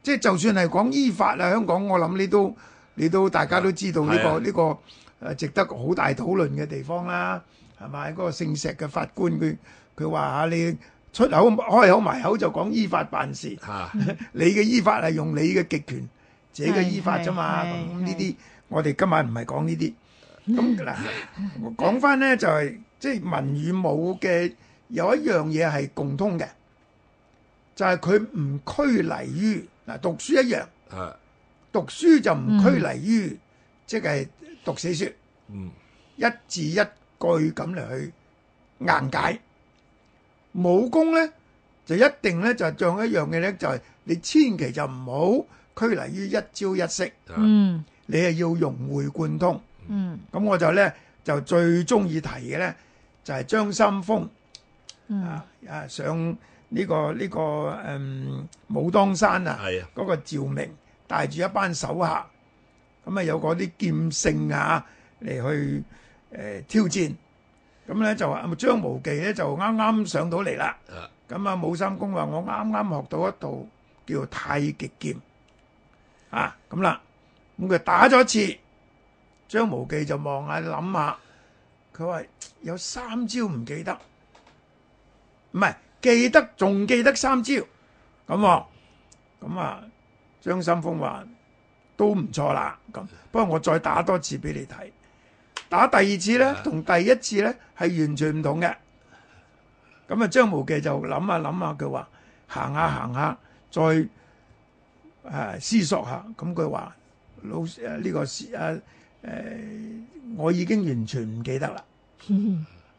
即係就算係講依法啊，香港我諗你都你都大家都知道呢、呢個呢、呢個誒值得好大討論嘅地方啦，係咪？嗰、嗰個姓石嘅法官佢佢話你出口開口埋口就講依法辦事，啊、 *laughs* 你嘅依法係用你嘅極權。自己嘅依法啫嘛，咁呢啲我哋今晚唔係講呢啲。咁嗱，講翻咧就係即係文與武嘅有一樣嘢係共通嘅，就係佢唔拘泥於嗱讀書一樣。誒，讀書就唔拘泥於即係讀死書。嗯，一字一句咁嚟去硬解武功咧，就一定咧就係像一樣嘅咧，就係你千祈就唔好。拘泥於一招一式，嗯，你係要融會貫通，嗯，咁我就咧就最中意提嘅咧就係、是、張三豐、嗯、啊啊上呢、這個呢、這個誒、嗯、武當山啊，嗰、那個趙明帶住一班手下，咁啊有嗰啲劍聖啊嚟去誒、呃、挑戰，咁咧就話張無忌咧就啱啱上到嚟啦，啊，咁啊武三公話我啱啱學到一套叫太極劍。啊，咁啦，咁佢打咗一次，張無忌就望下諗下，佢話有三招唔記得，唔係記得仲記得三招，咁咁、哦、啊，張三豐話都唔錯啦，咁，不如我再打多次俾你睇，打第二次咧，同第一次咧係完全唔同嘅，咁啊，張無忌就諗下諗下，佢話行下行下再。啊！思索下，咁佢話：老師誒呢、啊這個誒誒、啊呃，我已經完全唔記得啦，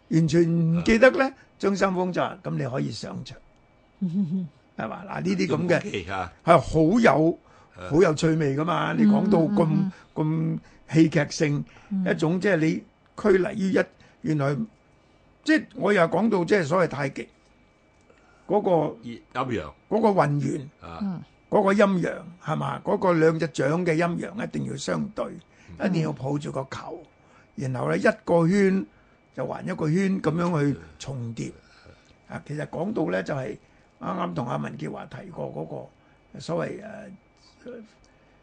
完全唔記得咧，張三豐就話咁你可以上場，係 *laughs* 嘛？嗱呢啲咁嘅係好有好有趣味噶嘛！ *laughs* 你講到咁咁 *laughs* 戲劇性 *laughs* 一種，即係你拘泥於一， *laughs* 原來即係、就是、我又講到即係所謂太極嗰、那個陰陽 *laughs* 運源啊。 *laughs* *laughs* 嗰個陰陽係嘛？嗰個兩隻掌嘅陰陽一定要相對，一定要抱住個球，然後咧一個圈就環一個圈咁樣去重疊。啊，其實講到咧就係啱啱同阿文潔華提過嗰個所謂誒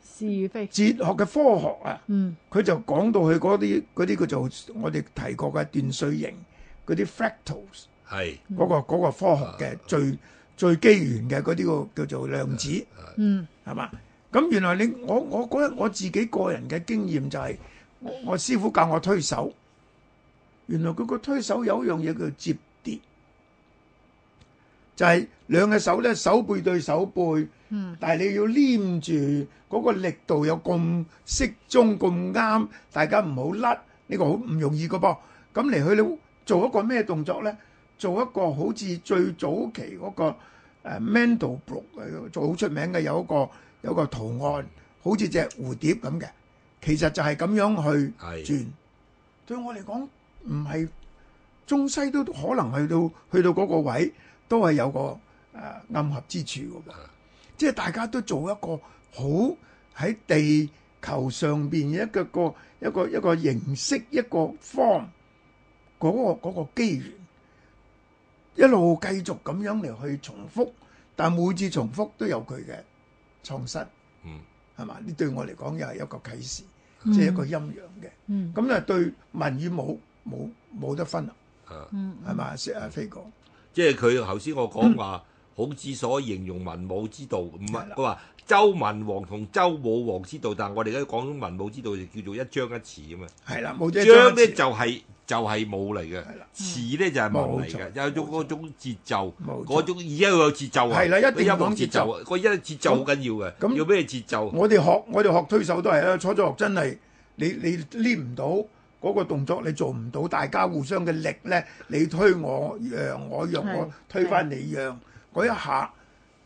是與非，哲學嘅科學啊，佢就講到佢嗰啲嗰啲佢就我哋提過嘅斷碎形嗰啲 fractals，係嗰個嗰個科學嘅最。最基源嘅嗰啲個叫做量子，嗯，係嘛？咁原來你我我覺得我自己個人嘅經驗就係，我師傅教我推手，原來嗰個推手有一樣嘢叫接跌，就係兩隻手咧手背對手背，嗯，但係你要黏住嗰個力度有咁適中咁啱，大家唔好甩，呢個好唔容易嘅噃。咁嚟去你做一個咩動作咧？做一個好似最早期個誒 Mandelbrot，做好出名嘅有一個有一個圖案，好似隻蝴蝶咁嘅，其實就係咁樣去轉，是對我嚟講唔係中西都可能去到去到嗰個位，都係有一個誒、啊、暗合之處㗎嘛。即、就、係、是、大家都做一個好喺地球上邊一個個一個一個，一個形式一個方、嗰個、嗰個機緣。一路繼續咁樣嚟去重複，但每次重複都有佢嘅創新，嗯，係嘛？呢對我嚟講又係一個啟示，嗯、即係一個陰陽嘅，嗯，咁咧對文與冇冇冇得分啊，啊、嗯，係嘛？石、嗯、阿飛哥，即係佢頭先我講話、嗯。武字所以形容文武之道，唔係佢話周文王同周武王之道，但係我哋而家講文武之道，就叫做一張一詞啊嘛。係啦，張咧就係、是、就係武嚟嘅，詞咧就係文嚟嘅、嗯，有種嗰種節奏，嗰種而家佢有節奏啊。係啦，一定要有節奏，個一節奏好緊要嘅，有咩節奏？我哋學我哋學推手都係啦，初初學真係你你黏唔到嗰個動作，你做唔到，大家互相嘅力咧，你推我讓，我讓我推翻你讓。嗰一下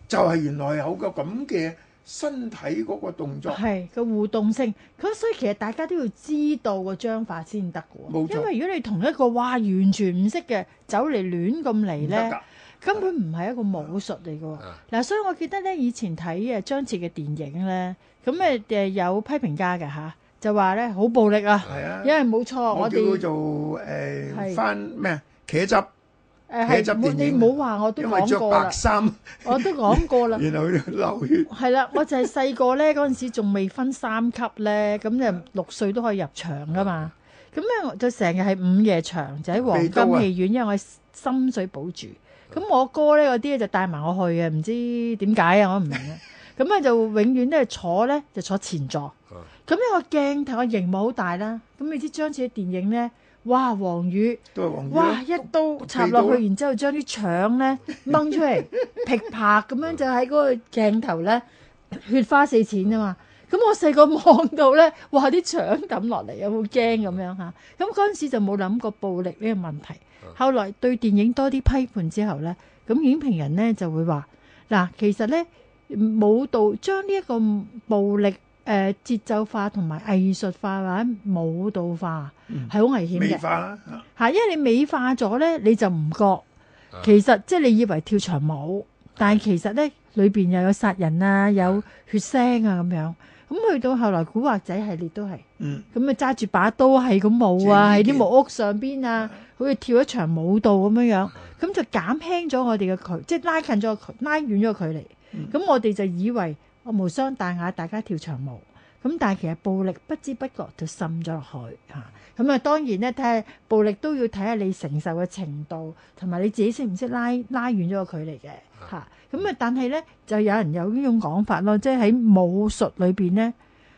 就係、是、原來有個咁嘅身體嗰個動作，係個互動性。咁所以其實大家都要知道個章法先得嘅喎。冇錯。因為如果你同一個哇完全唔識嘅走嚟亂咁嚟呢，根本唔係一個武術嚟嘅。嗱，所以我記得呢以前睇啊張徹嘅電影呢，咁誒誒有批評家嘅吓，就話呢好暴力啊。因為冇錯，我叫做誒、呃、翻咩茄汁。誒，係你唔好話，我都講過啦。因為着白衫，我都講過啦。然後佢流血。係啦，我就係細個咧嗰陣時仲未分三級咧，咁就六歲都可以入場噶嘛。咁咧就成日係午夜場，就喺黃金戲院，因為我喺深水埗住。咁我哥咧嗰啲就帶埋我去嘅，唔知點解啊，我都唔明啦。咁咧就永遠都係坐咧就坐前座。咁呢個鏡頭啊，屏幕好大啦。咁你知張徹嘅電影咧？哇，黃魚！都係黃魚！哇，一刀插落去，然之後將啲腸咧掹出嚟，噼啪咁樣就喺嗰個鏡頭咧，血花四濺啊嘛！咁我細個望到咧，哇！啲腸抌落嚟，有冇驚咁樣嚇？咁嗰陣時就冇諗過暴力呢個問題。後來對電影多啲批判之後咧，咁影評人咧就會話：嗱，其實咧舞蹈將呢一個暴力。誒、呃、節奏化同埋藝術化或者舞蹈化係好危險嘅，嚇、嗯啊！因為你美化咗呢，你就唔覺、啊、其實即係、就是、你以為跳場舞、啊，但其實呢裏面又有殺人啊，有血腥啊咁樣。咁去到後來古惑仔系列都係咁、嗯、啊，揸住把刀係咁舞啊，喺啲木屋上邊啊，啊好似跳一場舞蹈咁樣樣咁、嗯、就減輕咗我哋嘅距，即係拉近咗拉遠咗距離。咁、就是嗯、我哋就以為。我無傷大雅，大家跳長舞。咁，但係其實暴力不知不覺就滲咗落去嚇。咁啊，當然咧，睇下暴力都要睇下你承受嘅程度，同埋你自己識唔識拉拉遠咗個距離嘅嚇。咁啊，但係咧就有人有呢種講法咯，即係喺武術裏邊咧，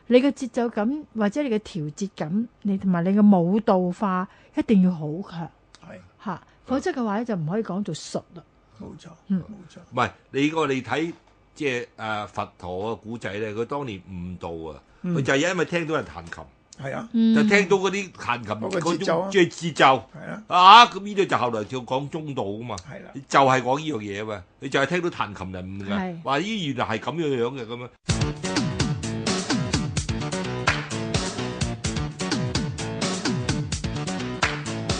你嘅節奏感或者你嘅調節感，你同埋你嘅舞蹈化一定要好強，係、啊、嚇，否則嘅話咧就唔可以講做術啦。冇錯，嗯，冇錯，唔係你個你睇。即係誒佛陀個古仔咧，佢當年悟道啊，佢、嗯、就係因為聽到人彈琴，係啊、嗯，就聽到嗰啲彈琴即個,、嗰個節奏、啊，最節奏係啦、啊，啊咁呢度就後來就講中道啊嘛，係啦、啊，就係、係、講呢樣嘢嘛，你就係聽到彈琴人，話依、啊、原來係咁樣樣嘅咁樣。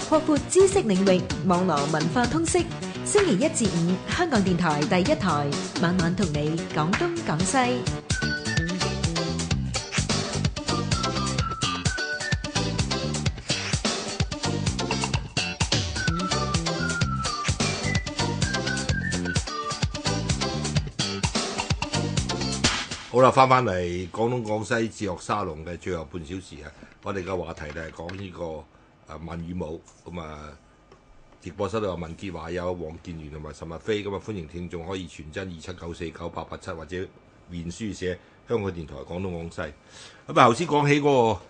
擴闊知識領域，網絡文化通識。星期一至五，香港電台第一台，晚晚同你講東講西。好啦，返返嚟廣東廣西哲學沙龍嘅最後半小時、這個、啊！我哋嘅話題就係講呢個啊文與武，咁啊。直播室你有文潔華有，有，有王建元同埋岑逸飛咁啊，歡迎聽眾可以傳真二七九四九八八七或者面書寫香港電台廣東廣西。咁啊，頭先講起嗰個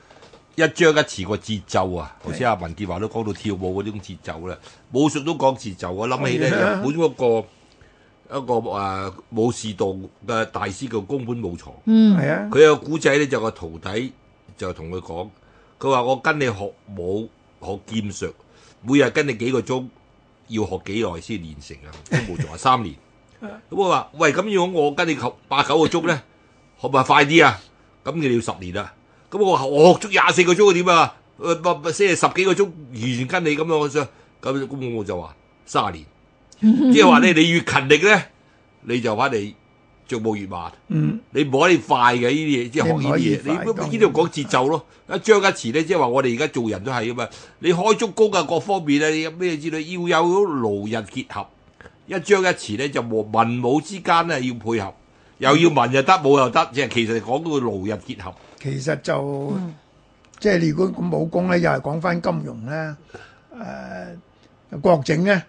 一張一弛個節奏啊，頭先阿文潔華都講到跳舞嗰種節奏啦，武術都講節奏。我諗起咧，本嗰個一個誒、啊、武士道嘅大師叫宮本武藏，嗯，係啊，佢有古仔咧，就個、是、徒弟就同佢講，佢話我跟你學武學劍術。每日跟你幾個鐘，要學幾耐先練成啊？都冇做啊，三年。咁我話：喂，咁要我我跟你八九個鐘咧，可唔可快啲啊？咁你要十年啦。咁我話：我學足廿四個鐘點啊？誒，不不先係十幾個鐘完全跟你咁樣，我想，咁咁我就話卅年。即係話咧，你越勤力咧，你就話你。著步越慢，你唔可以快嘅。呢啲嘢，即係學呢啲嘢，你呢度講節奏咯。一張一弛咧，即係話我哋而家做人都係啊嘛。你開足功嘅各方面咧，你有咩知道？要有勞逸結合。一張一弛咧，就和文武之間咧要配合，嗯、又要文又得，武又得，即係其實講到個勞逸結合。其實就即係你如果講武功咧，又係講翻金庸咧，誒、呃、郭靖咧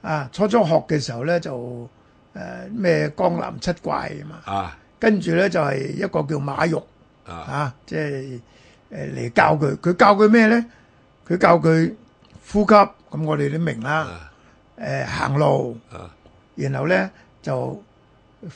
啊，初初學嘅時候咧就。誒、呃、咩江南七怪嘛、啊、跟住咧就係、是、一個叫馬鈺、啊、即係嚟、呃、教佢。佢教佢咩咧？佢教佢呼吸。咁我哋都明啦、啊呃。行路、啊、然後咧就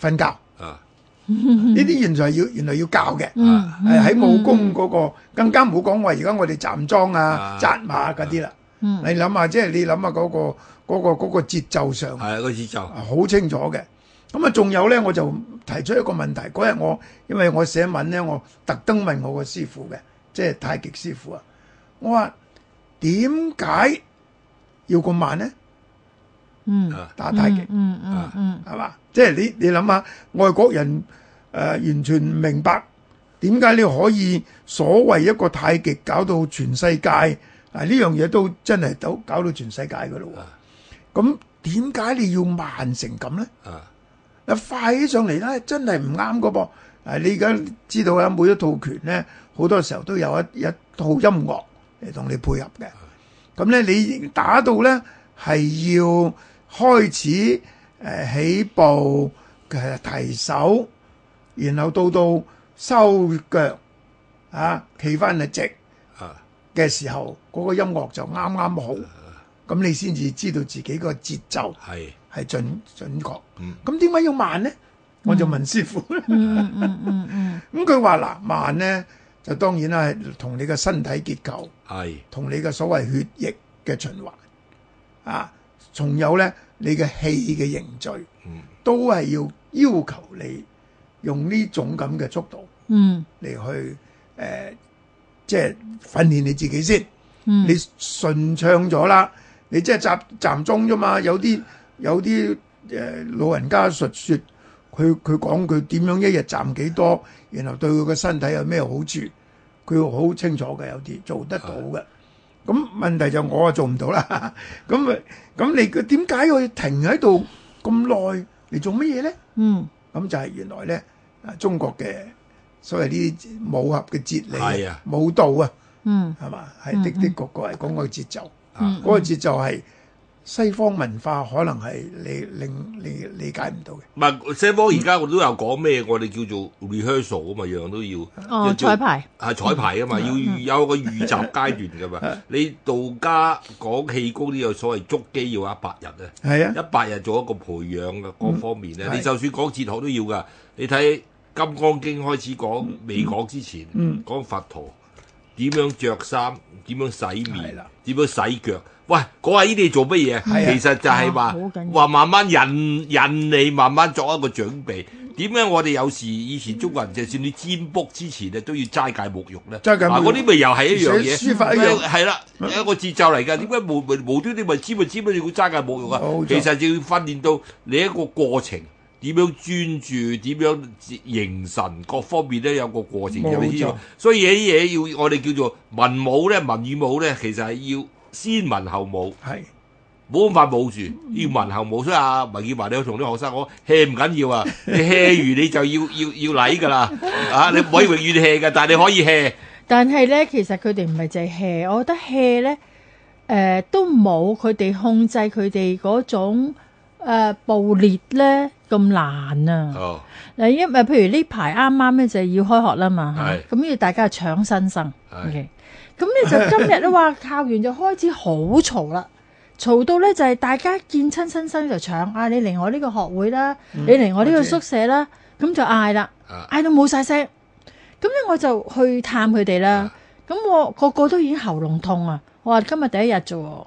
瞓覺。呢、啊、啲 *laughs* 原來要原來要教嘅。喺、啊呃、武功嗰、那個更加唔好講話。而家我哋站莊啊、紮馬嗰啲啦。你諗下，即係你諗下嗰個。嗰、那個嗰節奏上節奏好、啊、清楚嘅。咁啊，仲有咧，我就提出一個問題。嗰日我因為我寫文咧，我特登問我個師傅嘅，即係太極師傅啊。我話點解要咁慢呢？嗯，打太極，嗯嗯嗯，係、嗯、嘛、嗯嗯嗯？即係你你諗下，外國人誒、呃、完全唔明白點解你可以所謂一個太極搞到全世界呢、啊、樣嘢都真係都搞到全世界噶喇喎～、嗯咁點解你要慢成咁咧？啊、uh，快起上嚟咧，真係唔啱個噃。你而家知道啊，每一套拳咧，好多時候都有一一套音樂嚟同你配合嘅。咁咧，你打到咧係要開始起步嘅、呃、提手，然後到到收腳啊，企翻係直嘅時候，嗰個音樂就啱啱好。咁你先至知道自己個節奏係係準準確，咁點解要慢呢、嗯？我就問師傅、嗯，咁佢話嗱，慢呢就當然啦，同你個身體結構係，同你個所謂血液嘅循環啊，仲有呢你嘅氣嘅凝聚，都係要要求你用呢種咁嘅速度，嗯，嚟去誒、呃、即係訓練你自己先，嗯、你順暢咗啦。你即係站站中啫嘛，有啲有啲，呃、老人家述說，佢佢講佢點樣一日站幾多，然後對佢個身體有咩好處，佢好清楚嘅有啲做得到嘅。咁問題就我啊做唔到啦。咁 *laughs* 咁你點點解佢停喺度咁耐嚟做乜嘢咧？嗯，咁就係原來咧啊，中國嘅所謂呢啲武俠嘅哲理啊，武道啊，嗯，係嘛，係、嗯、的各各講的確確係講個節奏。嗰、啊嗯那個節就係西方文化可能係你令你理解唔到嘅。唔係西方而家我都有講咩、嗯？我哋叫做 rehearsal 嘅嘛，樣樣都要。哦，要彩排、嗯啊、彩排啊嘛、嗯嗯，要有一個預習階段㗎嘛、啊。你道家講氣功呢，有所謂築基要一百日咧，係啊，一百日做一個培養嘅各方面咧、嗯。你就算講哲學都要㗎。你睇《金剛經》開始講未講之前、嗯嗯，講佛陀。點樣着衫？點樣洗面？點樣洗腳？喂，講下呢啲做乜嘢？其實就係話話慢慢引引你，慢慢作一個準備。點解我哋有時以前中國人、嗯、就算你占卜之前咧，都要齋戒沐浴咧？齋戒沐浴嗱，嗰啲咪又係一樣嘢，係啦，一個節奏嚟噶。點解無無無端端咪占咪占，要齋戒沐浴啊？其實就要訓練到你一個過程。點樣專注？點樣形神？各方面都有個過程嘅，所以有啲嘢要我哋叫做文武咧，文與武咧，其實係要先文後武。冇咁快武住，要文後武。所以阿文潔華，嗯、你同啲學生講，hea 唔緊要啊，hea 完你就要 *laughs* 要要禮㗎啦。啊，你唔可以永遠 hea 但你可以 hea。但係咧，其實佢哋唔係淨係 hea，我覺得 hea 咧、呃，都冇佢哋控制佢哋嗰種。誒、呃、暴裂咧咁難啊！嗱、oh.，因為譬如呢排啱啱咧就係要開學啦嘛，咁、yes. 嗯、要大家搶新生。咁、yes. 咧、okay 嗯嗯、就今日都話靠完就開始好嘈啦，嘈到咧就係、是、大家見親新生就搶啊！你嚟我呢個學會啦，mm. 你嚟我呢個宿舍啦，咁、okay. 就嗌啦，嗌到冇晒聲。咁咧我就去探佢哋啦。咁、ah. 我個個都已經喉嚨痛啊！我話今日第一日啫喎，oh.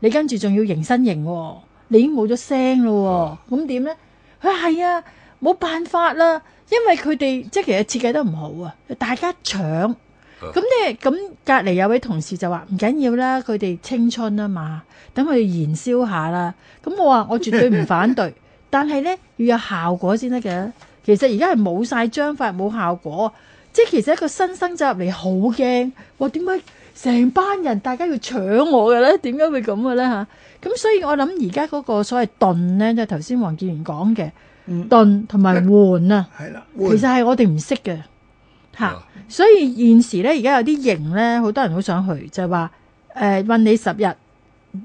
你跟住仲要迎新迎喎。你已經冇咗聲咯，咁點咧？佢話係啊，冇辦法啦，因為佢哋即係其實設計得唔好啊，大家搶，咁咧，咁隔籬有位同事就話唔緊要啦，佢哋青春啊嘛，等佢哋燃燒下啦。咁我話我絕對唔反對， *laughs* 但係咧要有效果先得嘅。其實而家係冇晒章法，冇效果，即係其實一個新生走入嚟好驚，我點解？成班人，大家要搶我嘅咧，點解會咁嘅咧？咁所以我諗而家嗰個所謂頓咧，就係頭先王建元講嘅頓同埋換啊，嗯、換其實係我哋唔識嘅。所以現時咧，而家有啲營咧，好多人好想去，就係話、呃、搵你十日，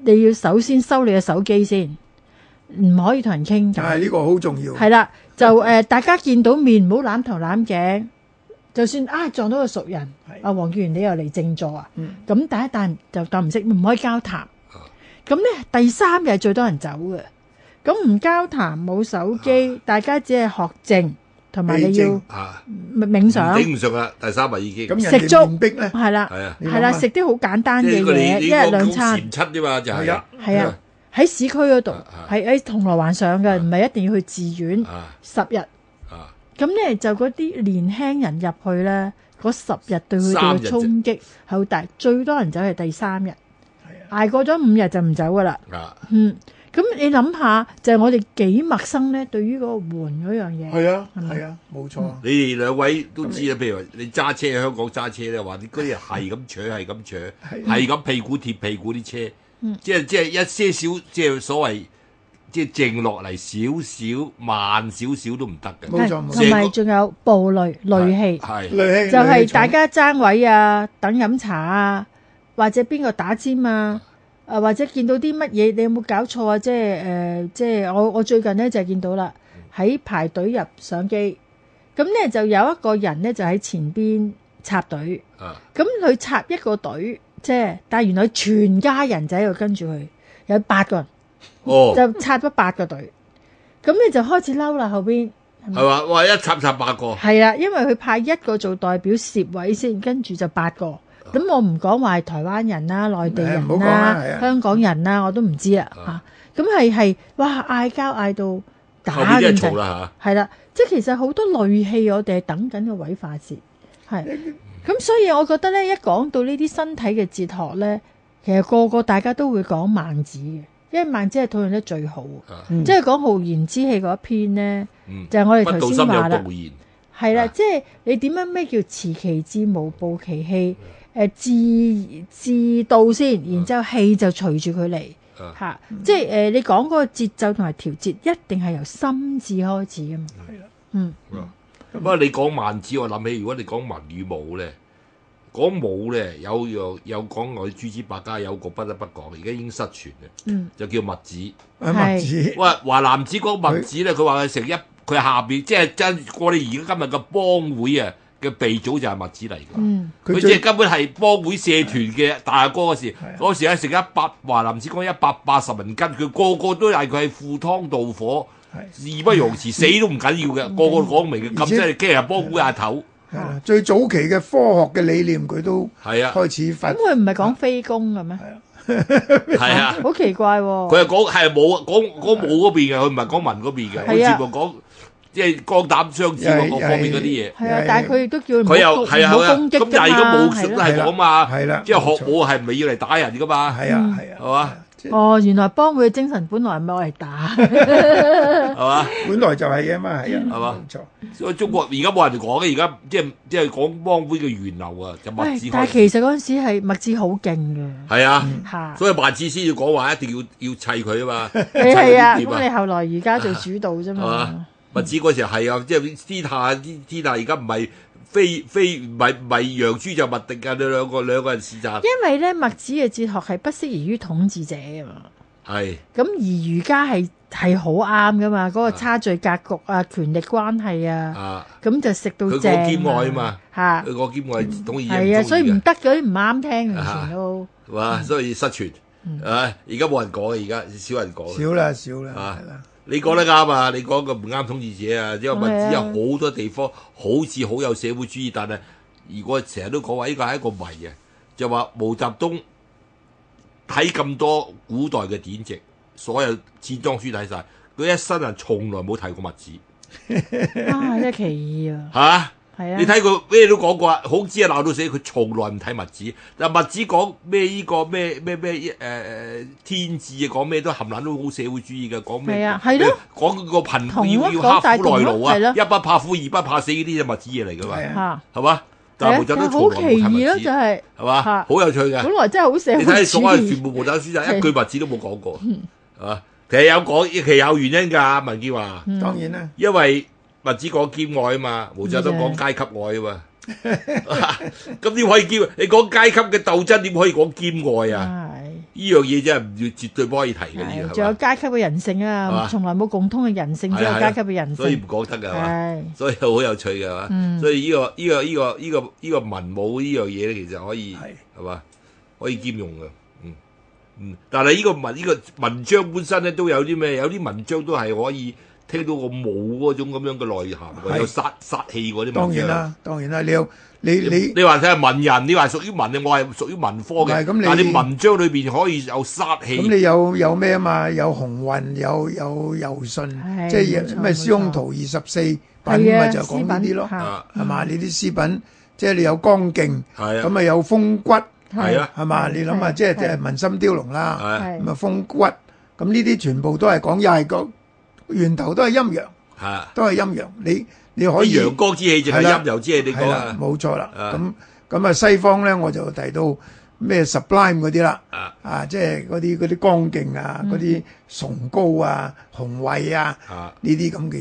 你要首先收你嘅手機先，唔可以同人傾偈。係、啊、呢、呢個好重要。係啦，就、呃嗯、大家見到面唔好攬頭攬頸。就算啊撞到個熟人，阿王建元你又嚟靜坐啊？咁第、嗯、一但就當唔識，唔可以交談。咁、啊、咧第三日最多人走嘅，咁唔交談冇手機、啊，大家只係學靜，同埋你要冥想。頂唔上啊！第三日已經食粥冰咧，係啦，係啦，食啲好簡單嘅嘢，一日兩餐。禪七啫嘛，就係係啊，喺市區嗰度係喺銅鑼灣上嘅，唔係一定要去寺院十日。咁咧就嗰啲年輕人入去咧，嗰十日對佢哋嘅衝擊係好大，最多人走係第三日，捱、啊、過咗五日就唔走噶啦、啊。嗯，咁你諗下，就係、是、我哋幾陌生咧，對於嗰個門嗰樣嘢。係啊，係啊，冇錯、啊嗯。你哋兩位都知啦，譬如話你揸車喺香港揸車咧，話啲嗰啲係咁搶，係咁搶，係咁屁股貼屁股啲車，即係即係一些少，即、就、係、是、所謂。即係靜落嚟少少，慢少少都唔得嘅。冇錯，同埋仲有暴戾、戾氣，係戾氣就係、係、大家爭位啊，等飲茶啊，或者邊個打尖啊？或者見到啲乜嘢？你有冇搞錯啊？即係、呃、即係我我最近咧就係、見到啦，喺排隊入相機，咁咧就有一個人咧就喺前邊插隊，咁佢插一個隊，即係但原來全家人仔又跟住佢，有八個人。哦、oh，就插咗八個隊，咁你就開始嬲啦。後邊係咪？哇！一插插八個，係啦，因為佢派一個做代表，攝位先、嗯、跟住就八個。咁、嗯、我唔講話係台灣人啦、內地人啦、哎、香港人啦，嗯、我都唔知、嗯、啊吓。咁係係哇，嗌交嗌到打。後邊真係嘈啦吓，係啦、啊，即係其實好多戾氣，我哋係等緊個位化節係咁，嗯、所以我覺得咧，一講到呢啲身體嘅哲學咧，其實個個大家都會講孟子嘅。因為孟子係討論得最好、嗯，即係講浩然之氣嗰一篇咧、嗯，就係、是、我哋頭先話啦。係啦、啊，即係你點樣咩叫持其志無暴其氣？自、啊、自、呃、道先，然之後氣就隨住佢嚟嚇。即係、呃、你講嗰個節奏同埋調節，一定係由心智開始㗎嘛。嗯。不、嗯、過、嗯嗯、你講孟子，我諗起如果你講文與武咧。講武咧，有有有講我諸子百家有個不得不講，而家已經失傳嘅，就叫墨子。墨、嗯啊、子，哇！華南子講墨子咧，佢話佢成一，佢下邊即係真過你而家今日嘅幫會啊嘅鼻祖就係墨子嚟。嗯，佢即係根本係幫會社團嘅大哥嘅事。嗰時咧食一百華南子講一百八十門人，佢個個都係佢係赴湯蹈火，義不容辭，死都唔緊要嘅、嗯，個個講明嘅，咁即係驚下幫會阿頭。係啊，最早期嘅科學嘅理念，佢都係啊，開始分。咁佢唔係講非攻嘅咩？係啊，係啊，好奇怪。佢係講係武啊，講講武嗰邊嘅，佢唔係講文嗰邊嘅，好似話講即係肝膽相照啊，各方面嗰啲嘢。係啊，但係佢亦都叫佢冇冇攻擊噶嘛。咁但係如果武學係咁啊，係啦，即係學武係唔係要嚟打人噶嘛？係啊，係啊，係嘛。哦，原來幫會嘅精神本來唔係我嚟打？係 *laughs* 嘛， *laughs* 本來就係啊嘛，係啊，係嘛，唔錯。所以中國而家冇人講嘅，而家即係即係講幫會嘅源流啊，就墨子。但係其實嗰陣時係墨子好勁嘅，係啊，所以墨子先要講話一定要要砌佢啊嘛。係 *laughs* 啊，點解、啊 *laughs* 啊、你後來而家做主導啫嘛。墨子嗰時係啊，即係啲地下啲地下而家唔係。非非唔咪咪楊朱就墨翟噶，你兩個兩個人是雜。因為咧墨子嘅哲學係不適宜於統治者啊嘛。係。咁而儒家係係好啱噶嘛，嗰個差距格局啊，權力關係啊，咁就食到正。佢講兼愛嘛吓，佢講兼愛，懂易。係啊，所以唔得嘅，啲唔啱聽，完全都。哇！所以失傳啊，而家冇人講嘅，而家少人講。少啦，少啦。啊，係啦。你講得啱啊！你講個唔啱統治者啊，因為墨子有好多地方好似好有社會主義，但係如果成日都講話呢個係一個謎嘅，就話毛澤東睇咁多古代嘅典籍，所有戰爭書睇晒，佢一生啊從來冇睇過墨子。 *laughs* 啊，真係奇異啊！吓。啊、你睇佢咩都講過啊！孔子啊，鬧到死，佢從來唔睇墨子。但墨子講咩？呢個咩咩咩？天子啊講咩都含攬，都好社會主義嘅，講咩啊，係咯，講個貧，要要刻苦耐勞啊，啊一不怕苦，二不怕死，呢啲就墨子嘢嚟㗎嘛係嘛？但係墨子都從來唔睇係嘛？好、啊就是、有趣嘅、啊。本來真係好社會，你睇所有全部墨子書集，一句墨子都冇講過，係嘛？其實有講，其實有原因㗎。文潔華、嗯、當然啦，因為。只講兼愛啊嘛，毛澤東講階級愛啊嘛，咁點 *laughs* *laughs* 可以兼？你講階級嘅鬥爭，點可以講兼愛啊？呢樣嘢真係唔要，絕對唔可以提嘅，係咪？仲有階級嘅人性啊，從來冇共通嘅人性，只有階級嘅人性，所以唔講得噶。係，所以好有趣噶。所以呢、這個呢、這個呢、這個呢個呢個文武呢樣嘢咧，其實可以係嘛，可以兼用噶。嗯嗯，但係呢個文呢、這個文章本身咧，都有啲咩？有啲文章都係可以。聽到個武嗰種咁樣嘅內涵，有殺殺氣嗰啲文章。當然啦、啊，當然啦、啊，你有你你你話睇係文人，你話屬於文，我係屬於文科嘅。係咁，你文章裏邊可以有殺氣。咁你有有咩啊嘛？有雄渾，有有柔順，即係咩？司空圖二十四品咪就講嗰啲咯，係嘛、啊啊？你啲詩品，即係你有剛勁，咁啊有風骨，係啊，嘛、啊？你諗下，啊、即係、啊、即係《文心雕龍》啦、啊，咁啊風骨，咁呢啲全部都係講，又係講。源頭都係陰陽，都係陰陽。你你可以陽光之氣就係陰柔之氣，之氣你講啊，冇錯啦。咁咁啊，西方咧我就提到咩 sublime 嗰啲啦，啊，即係嗰啲嗰啲光勁啊，嗰啲崇高啊、雄偉啊，呢啲咁嘅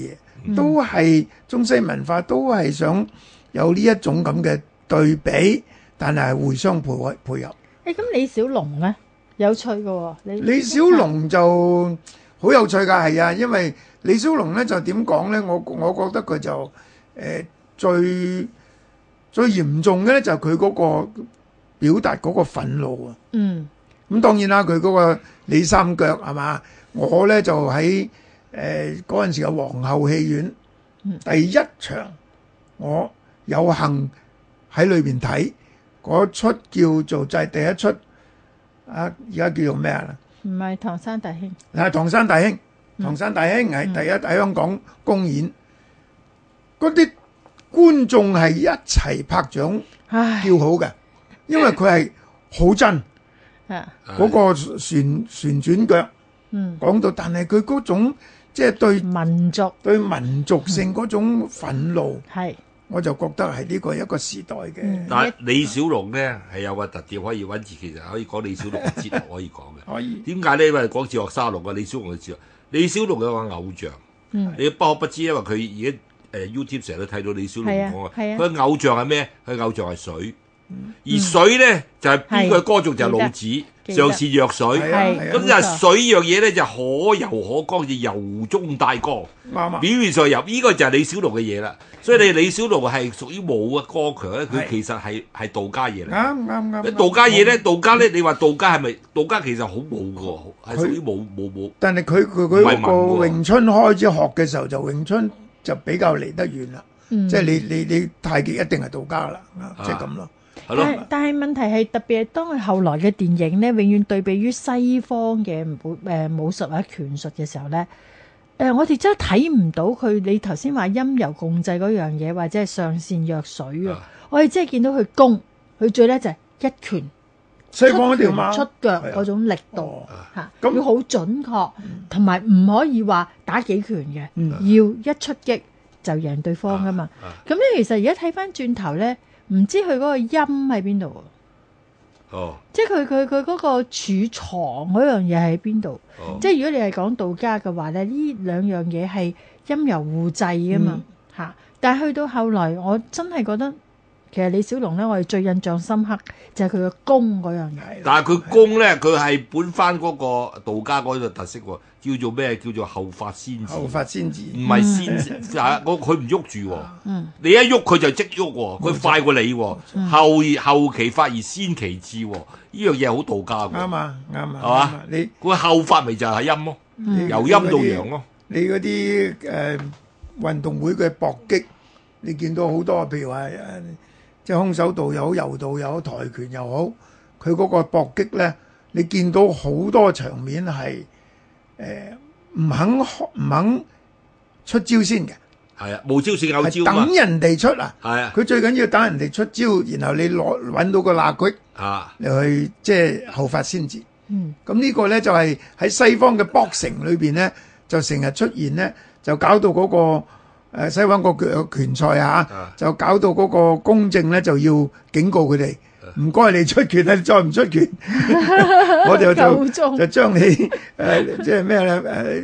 嘢，都係中西文化都係想有呢一種咁嘅對比，但係互相配合配合。哎，咁李小龍咧，有趣嘅喎、哦，你李小龍就。好有趣噶，係啊，因為李小龍咧就點講咧？我我覺得佢就誒、呃、最最嚴重嘅咧就係佢嗰個表達嗰個憤怒啊！嗯，咁當然啦，佢嗰個李三腳係嘛？我咧就喺誒嗰陣時嘅皇后戲院第一場，嗯、我有幸喺裏邊睇嗰出叫做就係、是、第一出啊！而家叫做咩啊？唔係《唐山大兄》，嗱《唐山大兄》，《唐山大兄》係第一喺香港公演，嗰啲觀眾係一齊拍掌叫好嘅，因為佢係好真，嗰個旋旋轉腳，講到，但係佢嗰種即係對民族、對民族性嗰種憤怒，係。我就覺得係呢個一個時代嘅。但係李小龍咧係有個特點可以揾住，其實可以講李小龍嘅哲學可以講嘅。可以點解咧？因為講哲學沙龍嘅李小龍嘅哲學，李小龍有個偶像。嗯，你不可不知，因為佢而家誒 YouTube 成日都睇到李小龍講啊。佢偶像係咩？佢偶像係水、嗯，而水咧就係、是、邊個歌頌就係老子。上次藥水，咁、啊嗯嗯、就水呢樣嘢咧，就是、可柔可剛，就柔中帶剛、嗯。表面上有，呢、這個就係李小龍嘅嘢啦。所以你李小龍係屬於武啊，剛強咧，佢其實係係道家嘢嚟。啱啱啱。道家嘢咧、嗯，道家咧、嗯，你話道家係咪道家其實好武㗎？係屬於武武武。但係佢佢佢個詠春開始學嘅時候，就詠春就比較離得遠啦。即、嗯、係、就是、你你你太極一定係道家啦，即係咁咯。就是是但但係問題係，特別係當佢後來嘅電影咧，永遠對比於西方嘅武誒武術或者拳術嘅時候咧，誒、呃、我哋真係睇唔到佢。你頭先話陰柔共濟嗰樣嘢，或者係上善若水啊，我哋真係見到佢攻，佢最咧就係、是、一拳，西方嗰條馬出腳嗰種力度吓、啊，要好準確，同埋唔可以話打幾拳嘅、嗯，要一出擊就贏對方噶嘛。咁、啊、咧、啊、其實而家睇返轉頭咧。唔知佢嗰、oh. 個音喺邊度啊？哦、oh.，即係佢佢佢嗰個儲藏嗰樣嘢喺邊度？即係如果你係講道家嘅話咧，呢兩樣嘢係陰柔互制㗎嘛、mm. 但係去到後來，我真係覺得。其實李小龍咧，我哋最印象深刻就係佢嘅功嗰樣嘢。但係佢功咧，佢係本翻嗰個道家嗰個特色，叫做咩？叫做後發先至。後發先至，唔係先，係佢唔喐住。 *laughs* 嗯，佢你一喐佢就即喐，佢快過你。後後期發而先其至，呢樣嘢好道家。啱啊，啱啊，係嘛、嗯？你佢後發咪就係陰咯，由陰到陽咯。你嗰啲誒運動會嘅搏擊，你見到好多，譬如話誒。呃即係空手道又好，柔道又好，跆拳又好，佢嗰個搏擊咧，你見到好多場面係誒唔肯唔肯出招先嘅。係啊，冇招勝有招，等人哋出啊，係啊，佢最緊要等人哋出招，然後你攞到個罅隙啊，你去即係後發先至。嗯，咁呢個咧就係、是、喺西方嘅 boxing 裏邊咧，就成日出現咧，就搞到嗰、那個。誒，西方個拳拳賽啊，就搞到嗰個公正咧，就要警告佢哋，唔該你出拳啦，再唔出拳，我哋就就將你誒，即係咩咧？誒，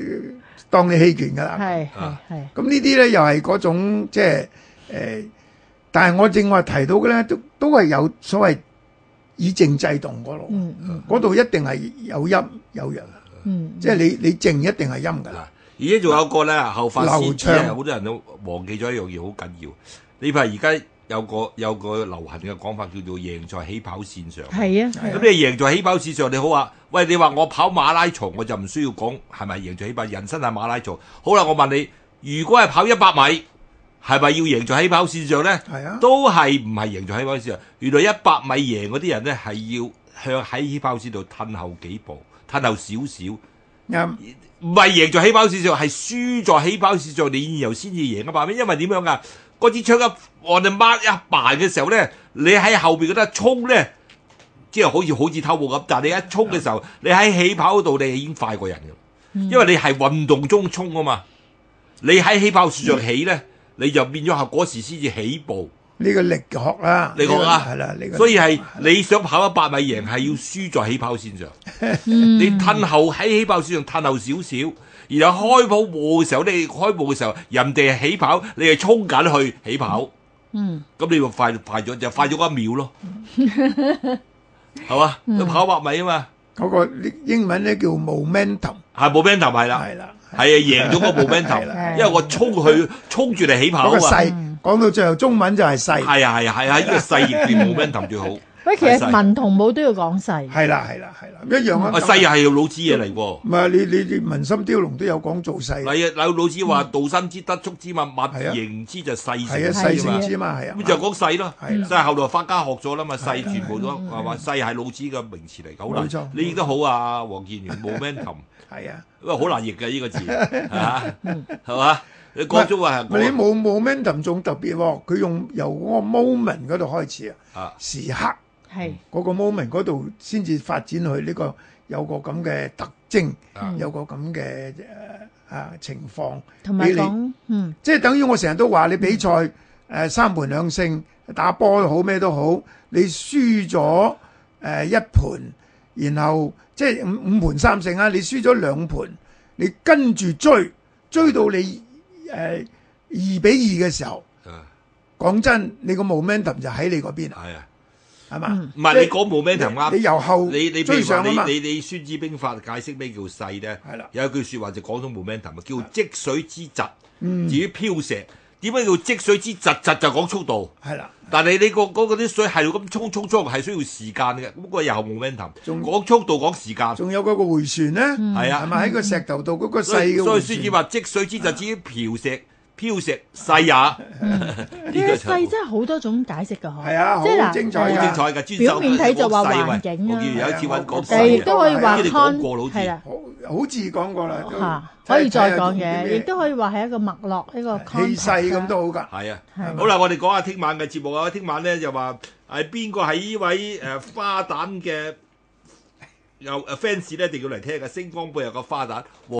當你棄權噶啦，係係係。咁呢啲咧，又係嗰種即係誒，但係我正話提到嘅咧，都都係有所謂以靜制動嗰度，嗰度一定係有陰有陽，即係你你靜一定係陰噶。而家仲有個咧後發先知，好多人都忘記咗一樣嘢好緊要。你譬如而家有個有個流行嘅講法叫做贏在起跑線上。係啊，咁、啊、你贏在起跑線上，你好話，喂，你話我跑馬拉松，我就唔需要講係咪贏在起跑，人生係馬拉松。好啦，我問你，如果係跑一百米，係咪要贏在起跑線上咧？係啊，都係唔係贏在起跑線上？原來一百米贏嗰啲人咧，係要向喺起跑線度褪後幾步，褪後少少。嗯唔係贏在起跑線上，係輸在起跑線上。你然後先至贏啊嘛？因為點樣啊？嗰支槍 on the mark 一我哋掹一埋嘅時候咧，你喺後邊嗰度衝咧，即係好似好似偷步咁。但係你一衝嘅時候，你喺、就是、起跑嗰度，你已經快過人嘅，因為你係運動中衝啊嘛。你喺起跑線上起咧，你就變咗喺嗰時先至起步。呢個力學啦，你講啊，係啦，所以係你想跑一百米贏，係要輸在起跑線上。你褪後喺起跑線上褪後少少，然後開步步嘅時候咧，開步嘅時候人哋係起跑，你係衝緊去起跑。嗯，咁你咪快快咗就快咗一秒咯。係嘛，要跑百米啊嘛。嗰個英文咧叫 momentum，係 momentum，係啦，係啦，係啊，贏咗個 momentum 啦，因為我衝去衝住嚟起跑啊嘛。講到最後中文就係細，係啊，係啊，係啊，呢、啊啊呢個細字冇咩彈最好。喂、 *laughs* 啊，其實文同武都要講細。係啦，係啦，係啦，一樣啊。細又係老子嘢嚟喎。唔係你你《文心雕龍》都有講做細。係、嗯、啊，老子話道生之德之，畜之物物形之就細成世。係啊，細成之嘛係啊。咁、啊、就講細咯，即係、啊啊、後來法家學咗啦嘛，細、啊、全部都啊話細係老子嘅名詞嚟，好難。沒錯，你亦都好啊，王建元冇咩彈，係啊，喂，好難譯嘅呢個字，係嘛，係嘛。你嗰種話你冇冇 momentum 仲特別喎、哦？佢用由嗰個 moment 嗰度開始啊，時刻係嗰、那個 moment 嗰度先至發展去呢、這個有個咁嘅特徵，啊、有個咁嘅啊情況。同埋你，你，嗯，即、就、係、是、等於我成日都話你比賽誒、呃、三盤兩勝打波好咩都好，你輸咗誒、呃、一盤，然後即係五五盤三勝啊！你輸咗兩盤，你跟住追追到你。嗯誒二比二嘅時候，講真，你個 momentum 就喺你嗰邊是啊，係啊，係、就是、嘛？唔係你講 momentum 啱，你由後你你追上啦。你你，說你，你，你孫子兵法解釋咩叫勢咧？係啦、啊，有一句說話就講到 momentum 啊，叫積水之疾至於漂石。嗯點解叫積水之疾，疾就講速度，係啦。但係你個個嗰啲水係咁衝衝衝，係需要時間嘅。咁個又冇咩，仲講速度講時間，仲有嗰個回旋咧，係、嗯、啊，係咪喺個石頭度嗰個細嘅？所以先至話積水之疾至於漂石。飄石細也，呢、嗯，這個細真係好多種解釋噶，嗬。係啊，好精彩，精彩嘅。表面睇就話環境亦、啊啊啊啊、都可以話 con，係啦，好似講過啦。嚇、啊啊啊啊啊啊啊，可以再講嘅，亦都、啊、可以話係一個脈絡，一個 con。氣勢咁都好噶。係啊，啊，啊，好啦，我哋講下聽晚嘅節目啊。聽晚咧就話係邊個係呢位誒花旦嘅有誒 fans 咧，一定要嚟聽嘅《星光背後嘅花旦》。